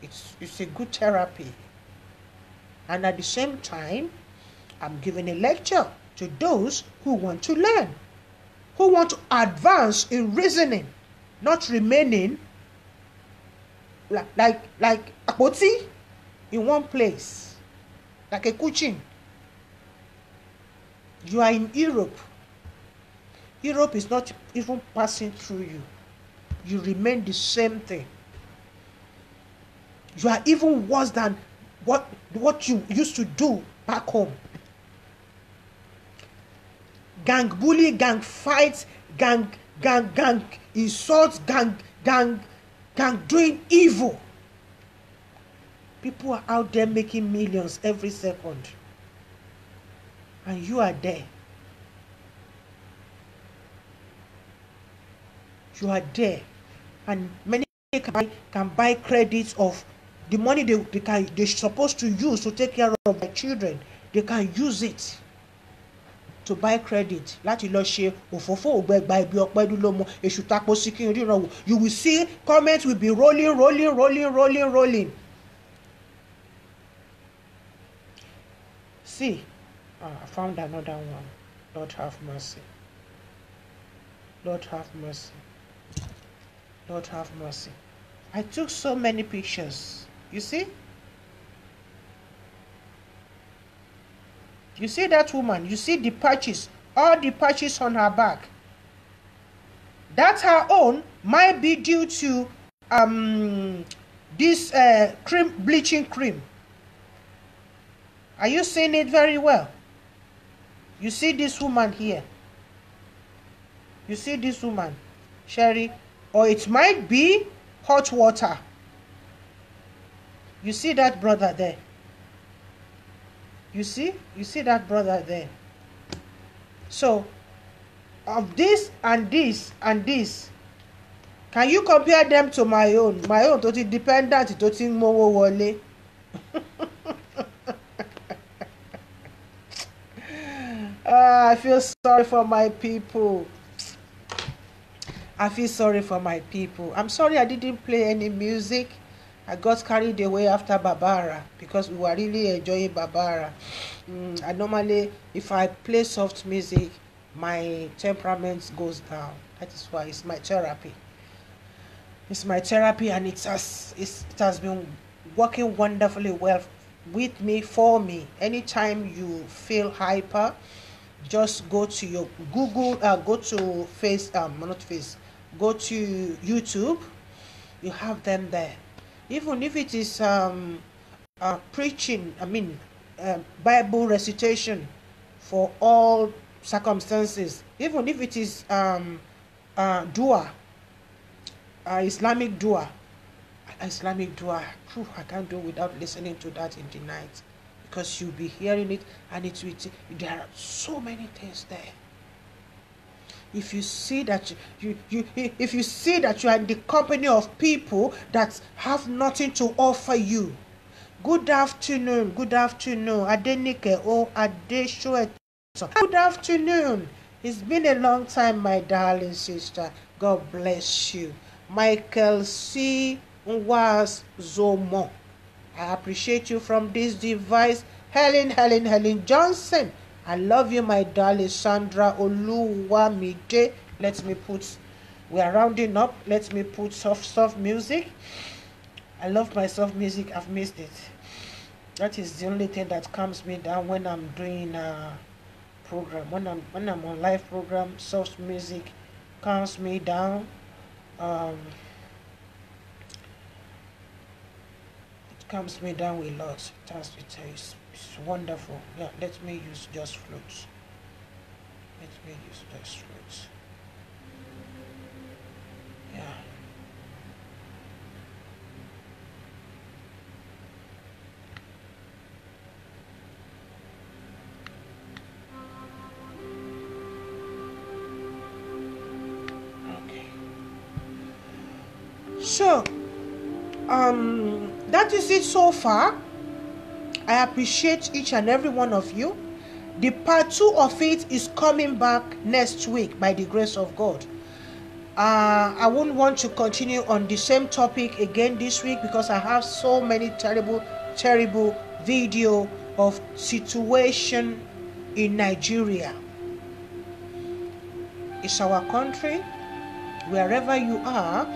It's it's a good therapy. And at the same time, I'm giving a lecture to those who want to learn, who want to advance in reasoning, not remaining like like like apoti in one place like a kitchen you are in Europe Europe is not even passing through you you remain the same thing you are even worse than what what you used to do back home gang bully gang fight gang gang gang insult gang gang gang doing evil People are out there making millions every second. And you are there. You are there. And many can buy, can buy credits of the money they, they can, they're supposed to use to take care of their children. They can use it to buy credit láti lọ ṣe òfófó ògbẹgba ibi ọpẹ́ dúlómọ èṣù tapo sí kí n ríran wò you will see comments will be rolling rolling rolling rolling rolling. See, ah, I found another one. Lord have mercy. Lord have mercy. Lord have mercy. I took so many pictures. You see? You see that woman? You see the patches, all the patches on her back. That her own might be due to um, this uh, cream bleaching cream. Are you seeing it very well? You see this woman here. You see this woman, Sherry, or it might be hot water. You see that brother there. You see? You see that brother there. So, of this and this and this, can you compare them to my own? My own tó ti dependent tó ti ń Uh, I feel sorry for my people. I feel sorry for my people. I'm sorry I didn't play any music. I got carried away after Barbara because we were really enjoying Barbara. Mm, I normally, if I play soft music, my temperament goes down. That is why it's my therapy. It's my therapy, and it has it's, it has been working wonderfully well with me for me. Anytime you feel hyper, just go to your google uh, go to face um not face go to youtube you have them there even if it is um uh, preaching i mean uh, bible recitation for all circumstances even if it is um uh, dua uh, islamic dua islamic dua Whew, i can't do without listening to that in the night because you'll be hearing it and it will there are so many things there if you see that you, you, you if you see that you are in the company of people that have nothing to offer you good afternoon good afternoon adenike oh, adeshoe good afternoon it's been a long time my darling sister god bless you michael c was zomo I appreciate you from this device. Helen, Helen, Helen Johnson. I love you, my darling Sandra Oluwamide. Let me put, we are rounding up. Let me put soft, soft music. I love my soft music. I've missed it. That is the only thing that calms me down when I'm doing a program. When I'm when I'm on live program, soft music calms me down. Um, calms me down a lot. That's it. tastes it's wonderful. Yeah, let me use just fruits. Let me use just fruits. Yeah. So, um, that is it so far. I appreciate each and every one of you. The part two of it is coming back next week by the grace of God. Uh, I wouldn't want to continue on the same topic again this week because I have so many terrible, terrible video of situation in Nigeria. It's our country. Wherever you are,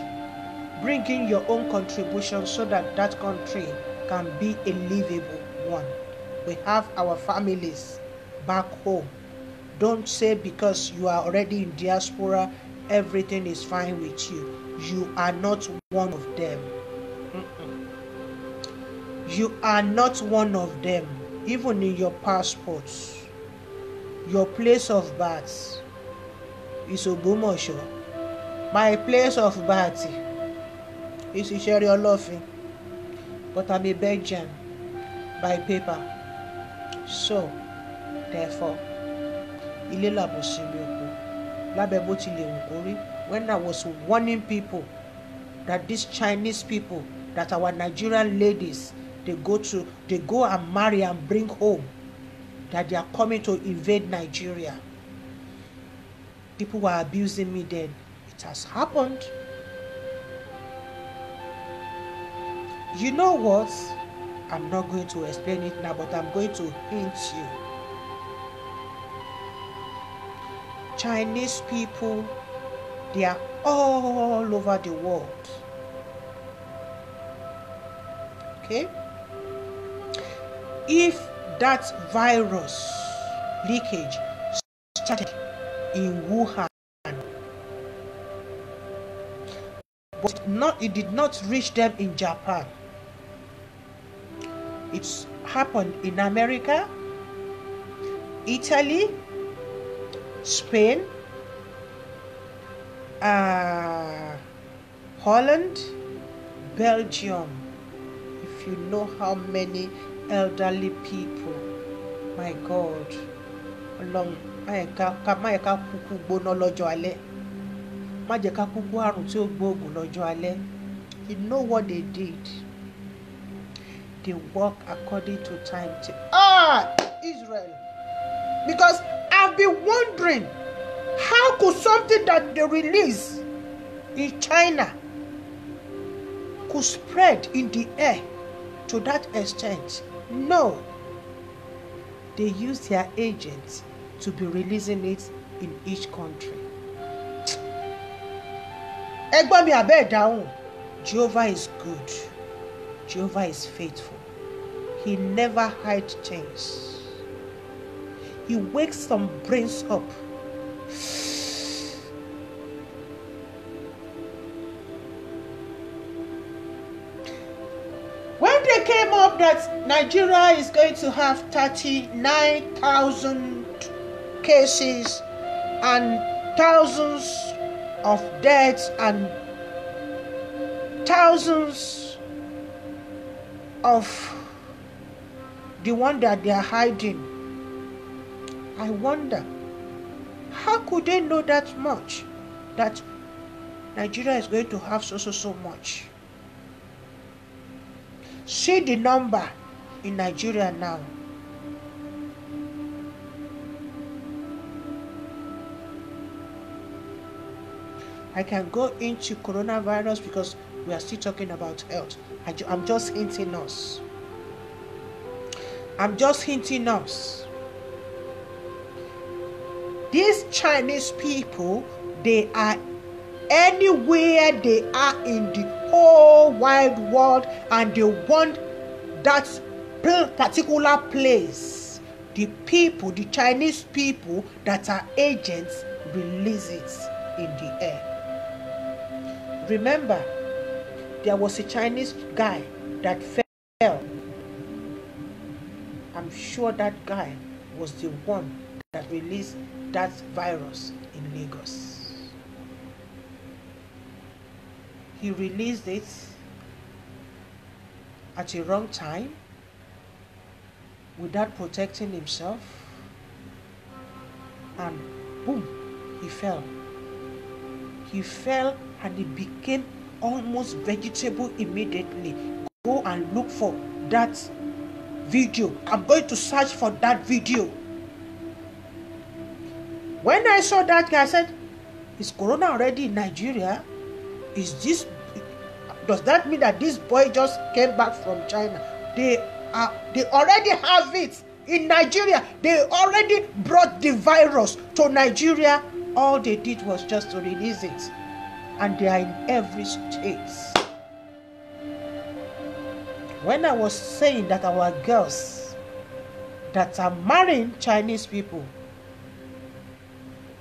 Bring in your own contribution so that that country can be a livable one. We have our families back home. Don't say because you are already in diaspora, everything is fine with you. You are not one of them. You are not one of them, even in your passports. Your place of birth is Obumosho. My place of birth Is í ṣiṣẹ́ rí ọlọ́fin but I'm a Belgian by paper so therefore ilé làbòsí mi òkú lábẹ́ bó ti lè wù kó when I was warning people that these Chinese people that our Nigerian ladies they go to they go and marry and bring home that they are coming to invade Nigeria people were abusing me then it has happened. You know what? I'm not going to explain it now, but I'm going to hint you. Chinese people, they are all over the world. Okay? If that virus leakage started in Wuhan, but not it did not reach them in Japan. It's happened in America, Italy, Spain, uh, Holland, Belgium. If you know how many elderly people, my God, along. Eh, kúkú alẹ́ má jẹ́ you know what they did they work according to time to ah Israel because I've been wondering how could something that they release in China could spread in the air to that extent no they use their agents to be releasing it in each country ẹgbọ́n mi àbẹ́ ìdáhùn Jehovah is good Jehovah is faithful he never hide things he wakes some brains up. When they came up that Nigeria is going to have thirty nine thousand cases and thousands of deaths and thousands of the one that they are hiding. I wonder how could they know that much that Nigeria is going to have so so so much? See the number in Nigeria now. I can go into coronavirus because we are still talking about health. I am just hinting us. I'm just hinting us. These Chinese people, they are anywhere they are in the whole wide world and they want that particular place the people the chinese people that are agents release it in the air Remember, there was a Chinese guy that fell. I'm sure that guy was the one that released that virus in Lagos. He released it at a wrong time without protecting himself and boom, he fell. He fell and it became almost vegetable immediately go and look for that video i'm going to search for that video when i saw that guy i said is corona already in nigeria is this does that mean that this boy just came back from china they are they already have it in nigeria they already brought the virus to nigeria all they did was just to release it and they are in every state. When I was saying that our girls that are marrying Chinese people,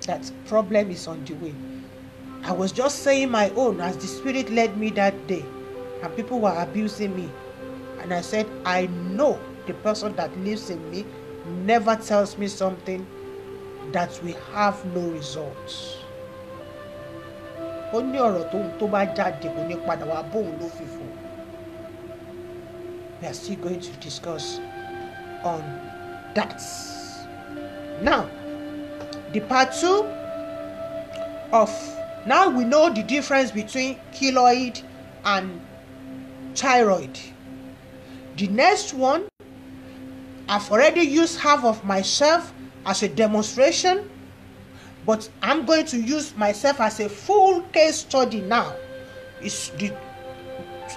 that problem is on the way. I was just saying my own as the Spirit led me that day, and people were abusing me. And I said, I know the person that lives in me never tells me something that will have no results. ó ní ọ̀rọ̀ tóun tó bá jáde kò ní padà wá bóun ló fi fò we are still going to discuss on that now the part two of now we know the difference between keloid and thyroid the next one I've already used half of myself as a demonstration But I'm going to use myself as a full case study now. It's the,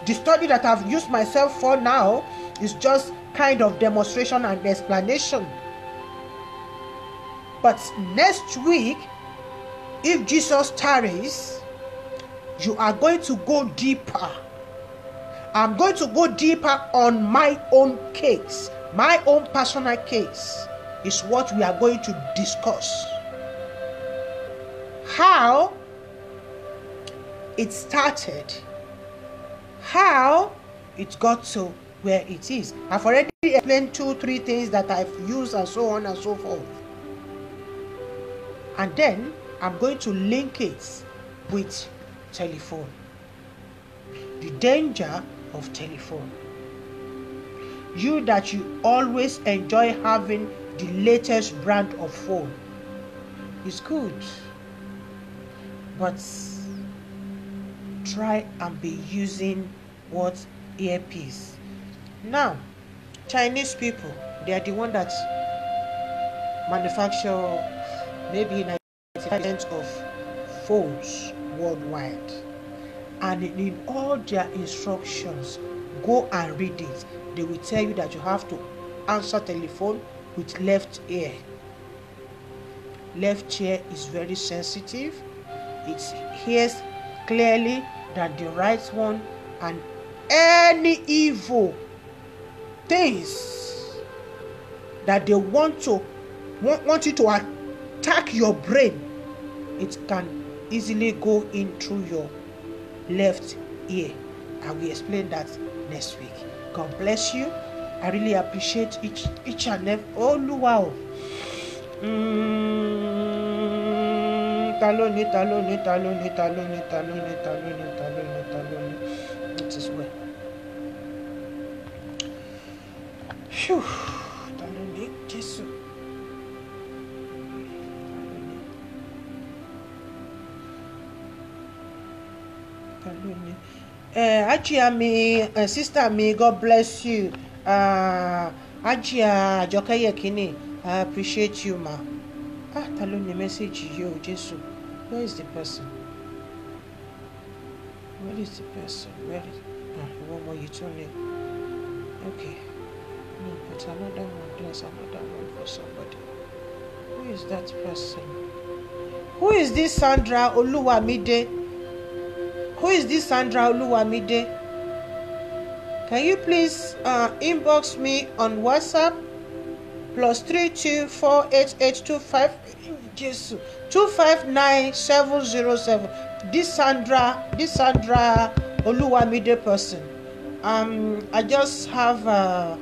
the study that I've used myself for now is just kind of demonstration and explanation. But next week, if Jesus tarries, you are going to go deeper. I'm going to go deeper on my own case, my own personal case, is what we are going to discuss how it started, how it got to where it is. I've already explained two, three things that I've used and so on and so forth. And then I'm going to link it with telephone. The danger of telephone. You that you always enjoy having the latest brand of phone is good but try and be using what earpiece now chinese people they are the one that manufacture maybe 90% of phones worldwide and in all their instructions go and read it they will tell you that you have to answer telephone with left ear left ear is very sensitive it hears clearly that the right one and any evil things that they want to want, want you to attack your brain it can easily go in through your left ear i will explain that next week god bless you i really appreciate each each and every oh wow mm. ta lónìí ta lónìí ta lónìí ta lónìí ta lónìí ta lónìí ta lónìí ta lónìí it is well. Phew, ta lónìí Jésù. Ta lónìí. Eh, Ajia mi, uh, sister mi, God bless you. Uh, Ajia Jokeye Kini, I appreciate you ma ah ta ló ní mẹ́sẹ̀gì yìí where is the person where is the person where is ah ìwọ ọmọ yìí tún ni okay no but another one there's another one for somebody who is that person who is this Sandra Oluwamide who is this Sandra Oluwamide can you please uh, inbox me on WhatsApp plus three two four eight eight two five Jesus two five nine seven zero seven this sandra this sandra oluwamide person um i just have uh,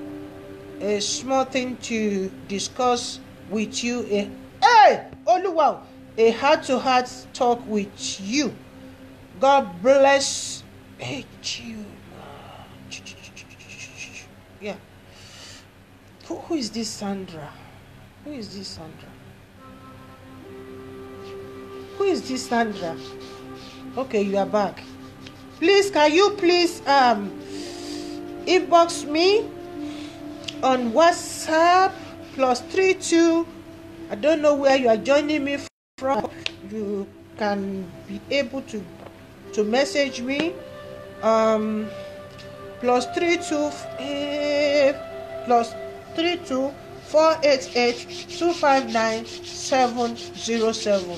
a small thing to discuss with you a eh, hey oluwa a heart to heart talk with you god bless eh, you Who, who is this Sandra? Who is this Sandra? Who is this Sandra? Okay, you are back. Please, can you please um inbox me on WhatsApp plus three two. I don't know where you are joining me from. You can be able to to message me um plus three two eh, plus three two four eight eight two five nine seven zero seven.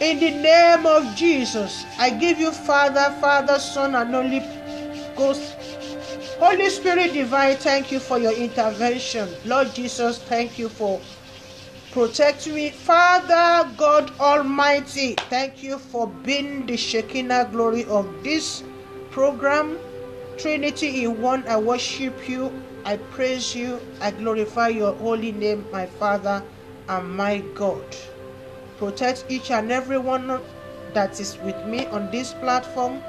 In the name of Jesus, I give you Father, Father, Son, and Holy Ghost. Holy Spirit divine, thank you for your intervention. Lord Jesus, thank you for protect me. Father God Almighty, thank you for being the Shekinah glory of this program. Trinity in one, I worship you I praise you. I glorify your holy name, my Father and my God. Protect each and every one that is with me on this platform.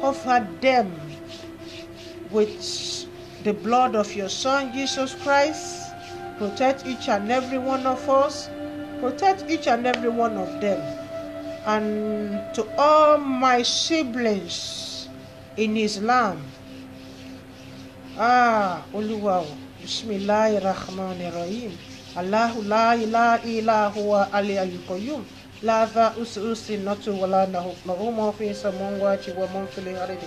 Cover them with the blood of your Son, Jesus Christ. Protect each and every one of us. Protect each and every one of them. And to all my siblings in Islam, آه قل بسم الله الرحمن الرحيم الله لا إله إلا هو علي القيوم لا ذا أسعس النت ولا نهو له ما في سموات ومن في الأرض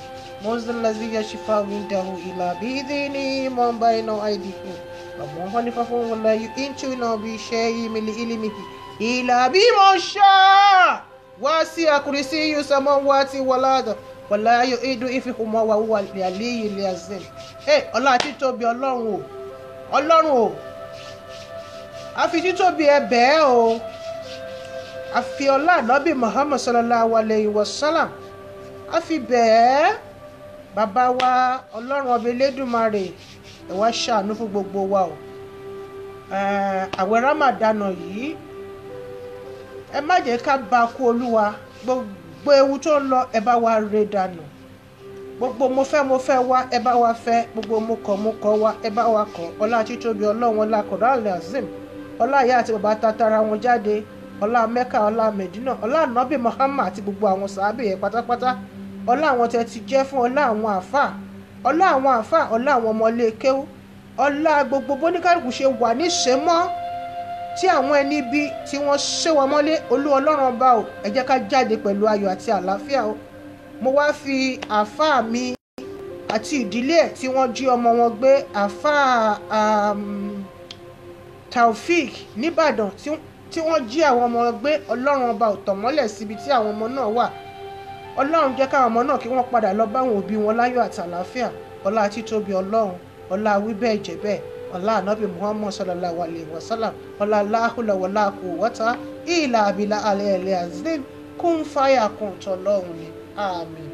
موز الذي يشفى عنده إلا بإذنه من بين أيديهم ومن خلفه ولا يؤتون بشيء من علمه إلا بما شاء وسع كرسي سموات والأرض wọ̀lá ayò ìdú ìfihùnmọ́ wa wúwa ìyàlẹ́ yìí lè ẹ̀sìn ẹ ọlá títóbi ọlọ́run o ọlọ́run o àfi títóbi ẹ̀bẹ̀ ẹ̀ o àfi ọlá ànábì Muhammad sallallahu alayhi wa sallam àfi bẹ́ẹ̀ bàbá wa ọlọ́run ọba Elédùmarè ẹ̀ wá ṣàánú fún gbogbo wa o eh, àwẹ̀ Ramadan yìí ẹ má jẹ́ ká ba kú olúwa gbogbo gbogbo ewu tó ń lọ ẹ bá wa ré dànù gbogbo mo fẹ́ mo fẹ́ wá ẹ bá wa fẹ́ gbogbo mo kọ̀ mo kọ̀ wá ẹ bá wa kọ̀ ọlá títóbi ọlọ́run ọlá kọ̀dáàlẹ̀ azeem ọlá ìyá àti bàbá tatara wọn jáde ọlá mẹ́kà ọlá mẹ̀dínà ọlá nàbì muhammad àti gbogbo àwọn sàábì yẹn pátápátá ọlá àwọn tẹ ti jẹ́ fún ọlá àwọn àáfàá ọlá àwọn àáfàá ọlá àwọn ọmọ ilé kéwú ọlá gbogbo bóníkàlùkù ṣe wà níṣẹ́ mọ́ tí àwọn ẹni bí tí wọ́n ṣé wọn mọ́lé olú ọlọ́run ọba o ẹ jẹ́ ká jáde pẹ̀lú ayọ̀ àti àlàáfíà o mo wá fi àáfàá mi àti ìdílé ẹ̀ tí wọ́n jí ọmọ wọn gbé àáfàá um, Taofik nìbàdàn tí wọ́n jí àwọn ọmọ wọn gbé ọlọ́run ọba ò tàn mọ́lẹ̀ síbi tí àwọn ọmọ náà wà ọlọ́run jẹ́ káwọn ọmọ náà kí wọ́n padà lọ báwọn òbí wọn láyọ̀ àtàlàáfíà ọlá títóbi ọlọ́run ọlá wíbẹ̀ ìjẹ́bẹ́ẹ̀ ọlá nabi muhammad sallallahu alaihi wa sallam ọlá aláhùlà wọlá kò wọ́tá ìlà àbílà alẹ́ ẹ̀lẹ́ azim kún fáyà kún tọ́lọ́hún ni àmín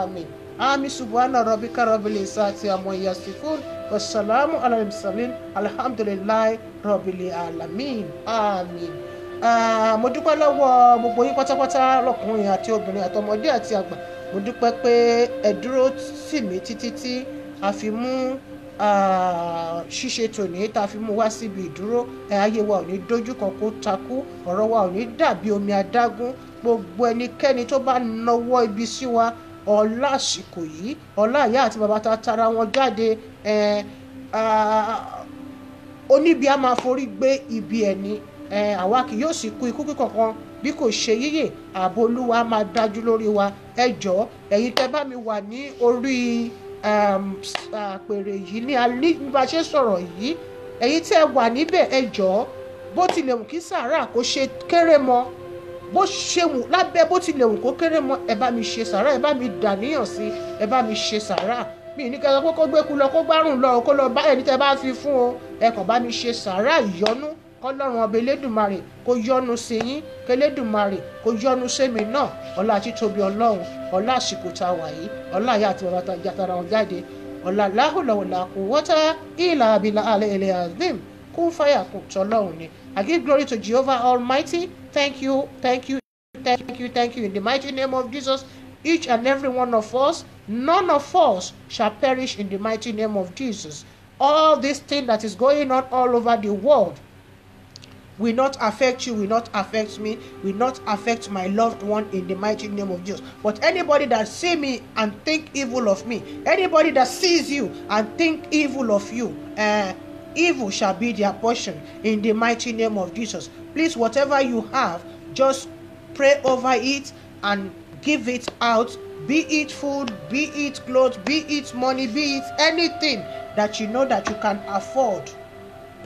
àmín àmín subhana rabbika rabbil izzati amma yasifun wasalaamu ala mursalin alhamdulilayi rabbil alamin àmín ah, mo dúpẹ́ lọ́wọ́ gbogbo yín pátápátá lọ́kùnrin àti obìnrin àtọmọdé àti àgbà mo dúpẹ́ pé ẹ dúró tì mí títí tí a fi mú Ah, ṣíṣe tòní tá a fi mú wá síbi ìdúró ayé wa ò ní dojú kan kó takú ọ̀rọ̀ wa ò ní dàbí omi adágún gbogbo ẹnikẹ́ni tó bá nawọ́ ibi sí wa ọ̀la àsìkò yìí ọ̀la ìyá àti bàbá ta tara wọn jáde ah, oníbi a máa forí gbé ibi ẹni àwa kì yóò sì kú ikú kíkankan bí kò ṣe yíyè ààbò máa dájú lórí wa ẹ jọ̀ọ́ ẹ̀yin tẹ́ bá mi wà ní orí. Um, àpèrè yìí ní alẹ́ bá ṣe sọ̀rọ̀ yìí ẹ̀yin tẹ́ ẹ wà níbẹ̀ ẹ jọ̀ọ́ bó tilẹ̀ wù kí sàárà kó ṣe kéré mọ́ bó ṣe wù lábẹ́ bó tilẹ̀ wù kó kéré mọ́ ẹ bá mi ṣe sàárà ẹ bá mi dàníyàn sí ẹ bá mi ṣe sàárà mi ní kẹ́kẹ́ kó gbé kú lọ kó gbárùn lọ kó lọ bá ẹni tẹ́ bá fi fún o ẹ kàn bá mi ṣe sàárà ìyọnú kọ́lọ́run ọba elédùnmarè kó yọ́nú sí yín kẹlẹ́dùnmarè kó yọ́nú sẹ́mi náà ọlá títóbi ọlọ́run ọlá àsìkò tá a wà yìí ọlá ìyá àti bàbá jàtara wọn jáde ọlá láhùlọ̀wọ̀lá kò wọ́tá ìlà àbílà alẹ́ ilẹ̀ azim kún fàyà kò tọ́lọ́run ni I give glory to Jehovah Almighty thank you thank you thank you thank you in the mighty name of Jesus each and every one of us none of us shall perish in the mighty name of Jesus all this thing that is going on all over the world will not affect you, will not affect me, will not affect my loved one in the mighty name of Jesus. But anybody that see me and think evil of me, anybody that sees you and think evil of you, uh, evil shall be their portion in the mighty name of Jesus. Please, whatever you have, just pray over it and give it out. Be it food, be it clothes, be it money, be it anything that you know that you can afford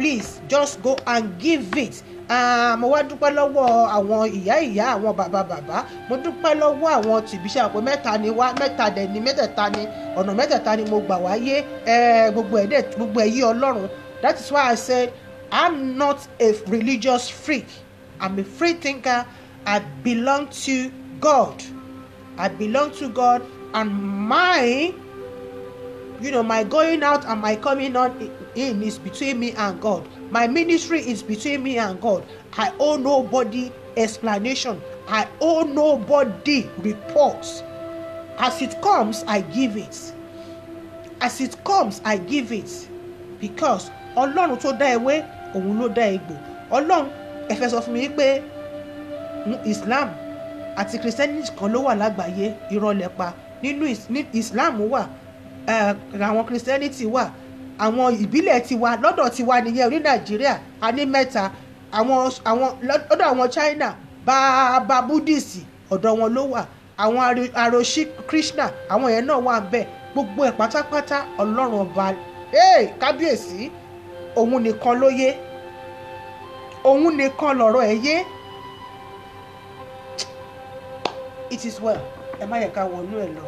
please just go and give it ah, mo wá dúpẹ́ lọ́wọ́ àwọn ìyá ìyá àwọn bàbá bàbá mo dúpẹ́ lọ́wọ́ àwọn tìbíṣà pé mẹ́ta ni wá mẹ́ta dẹ̀ ni mẹ́tẹ̀ẹ̀ta ni ọ̀nà mẹ́tẹ̀ẹ̀ta ni mo gbà wáyé eh, gbogbo ẹ̀ dẹ̀ gbogbo ẹ̀ yí ọlọ́run that is why I said I'm not a religious freak I'm a free thinker I belong to God I belong to God and my you know my going out and my coming on him is between me and God. My ministry is between me and God. I owe nobody explanation. I owe nobody reports. As it comes, I give it. As it comes, I give it. Because Ọlọ́run tó dá ewé, òun ló dá egbò. Ọlọ́run ẹ fẹ́ sọ fún mi pé Islam àti Christianity kan ló wà lágbàáyé irọ́ lẹ pa. Nínú Islam wà, eh, àwọn Christianity wà àwọn ìbílẹ̀ tiwa lọ́dọ̀ tiwa nìyẹn orí nàìjíríà a ní mẹ́ta àwọn àwọn lọ́dọ̀ àwọn china bàbá buddhist ọ̀dọ̀ wọn ló wà àwọn aroshi krishna àwọn yẹn náà wà bẹ́ẹ̀ gbogbo ẹ̀ pátápátá ọlọ́run ọba ee kábíyèsí òun nìkan ló yé òun nìkan lọ̀rọ̀ ẹ̀ yé it is well ẹ má yẹ ká wọnú ẹ lọ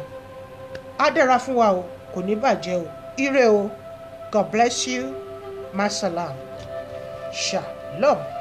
á dára fún wa o kò ní bàjẹ́ o ire o. God bless you. Masalam. Shalom.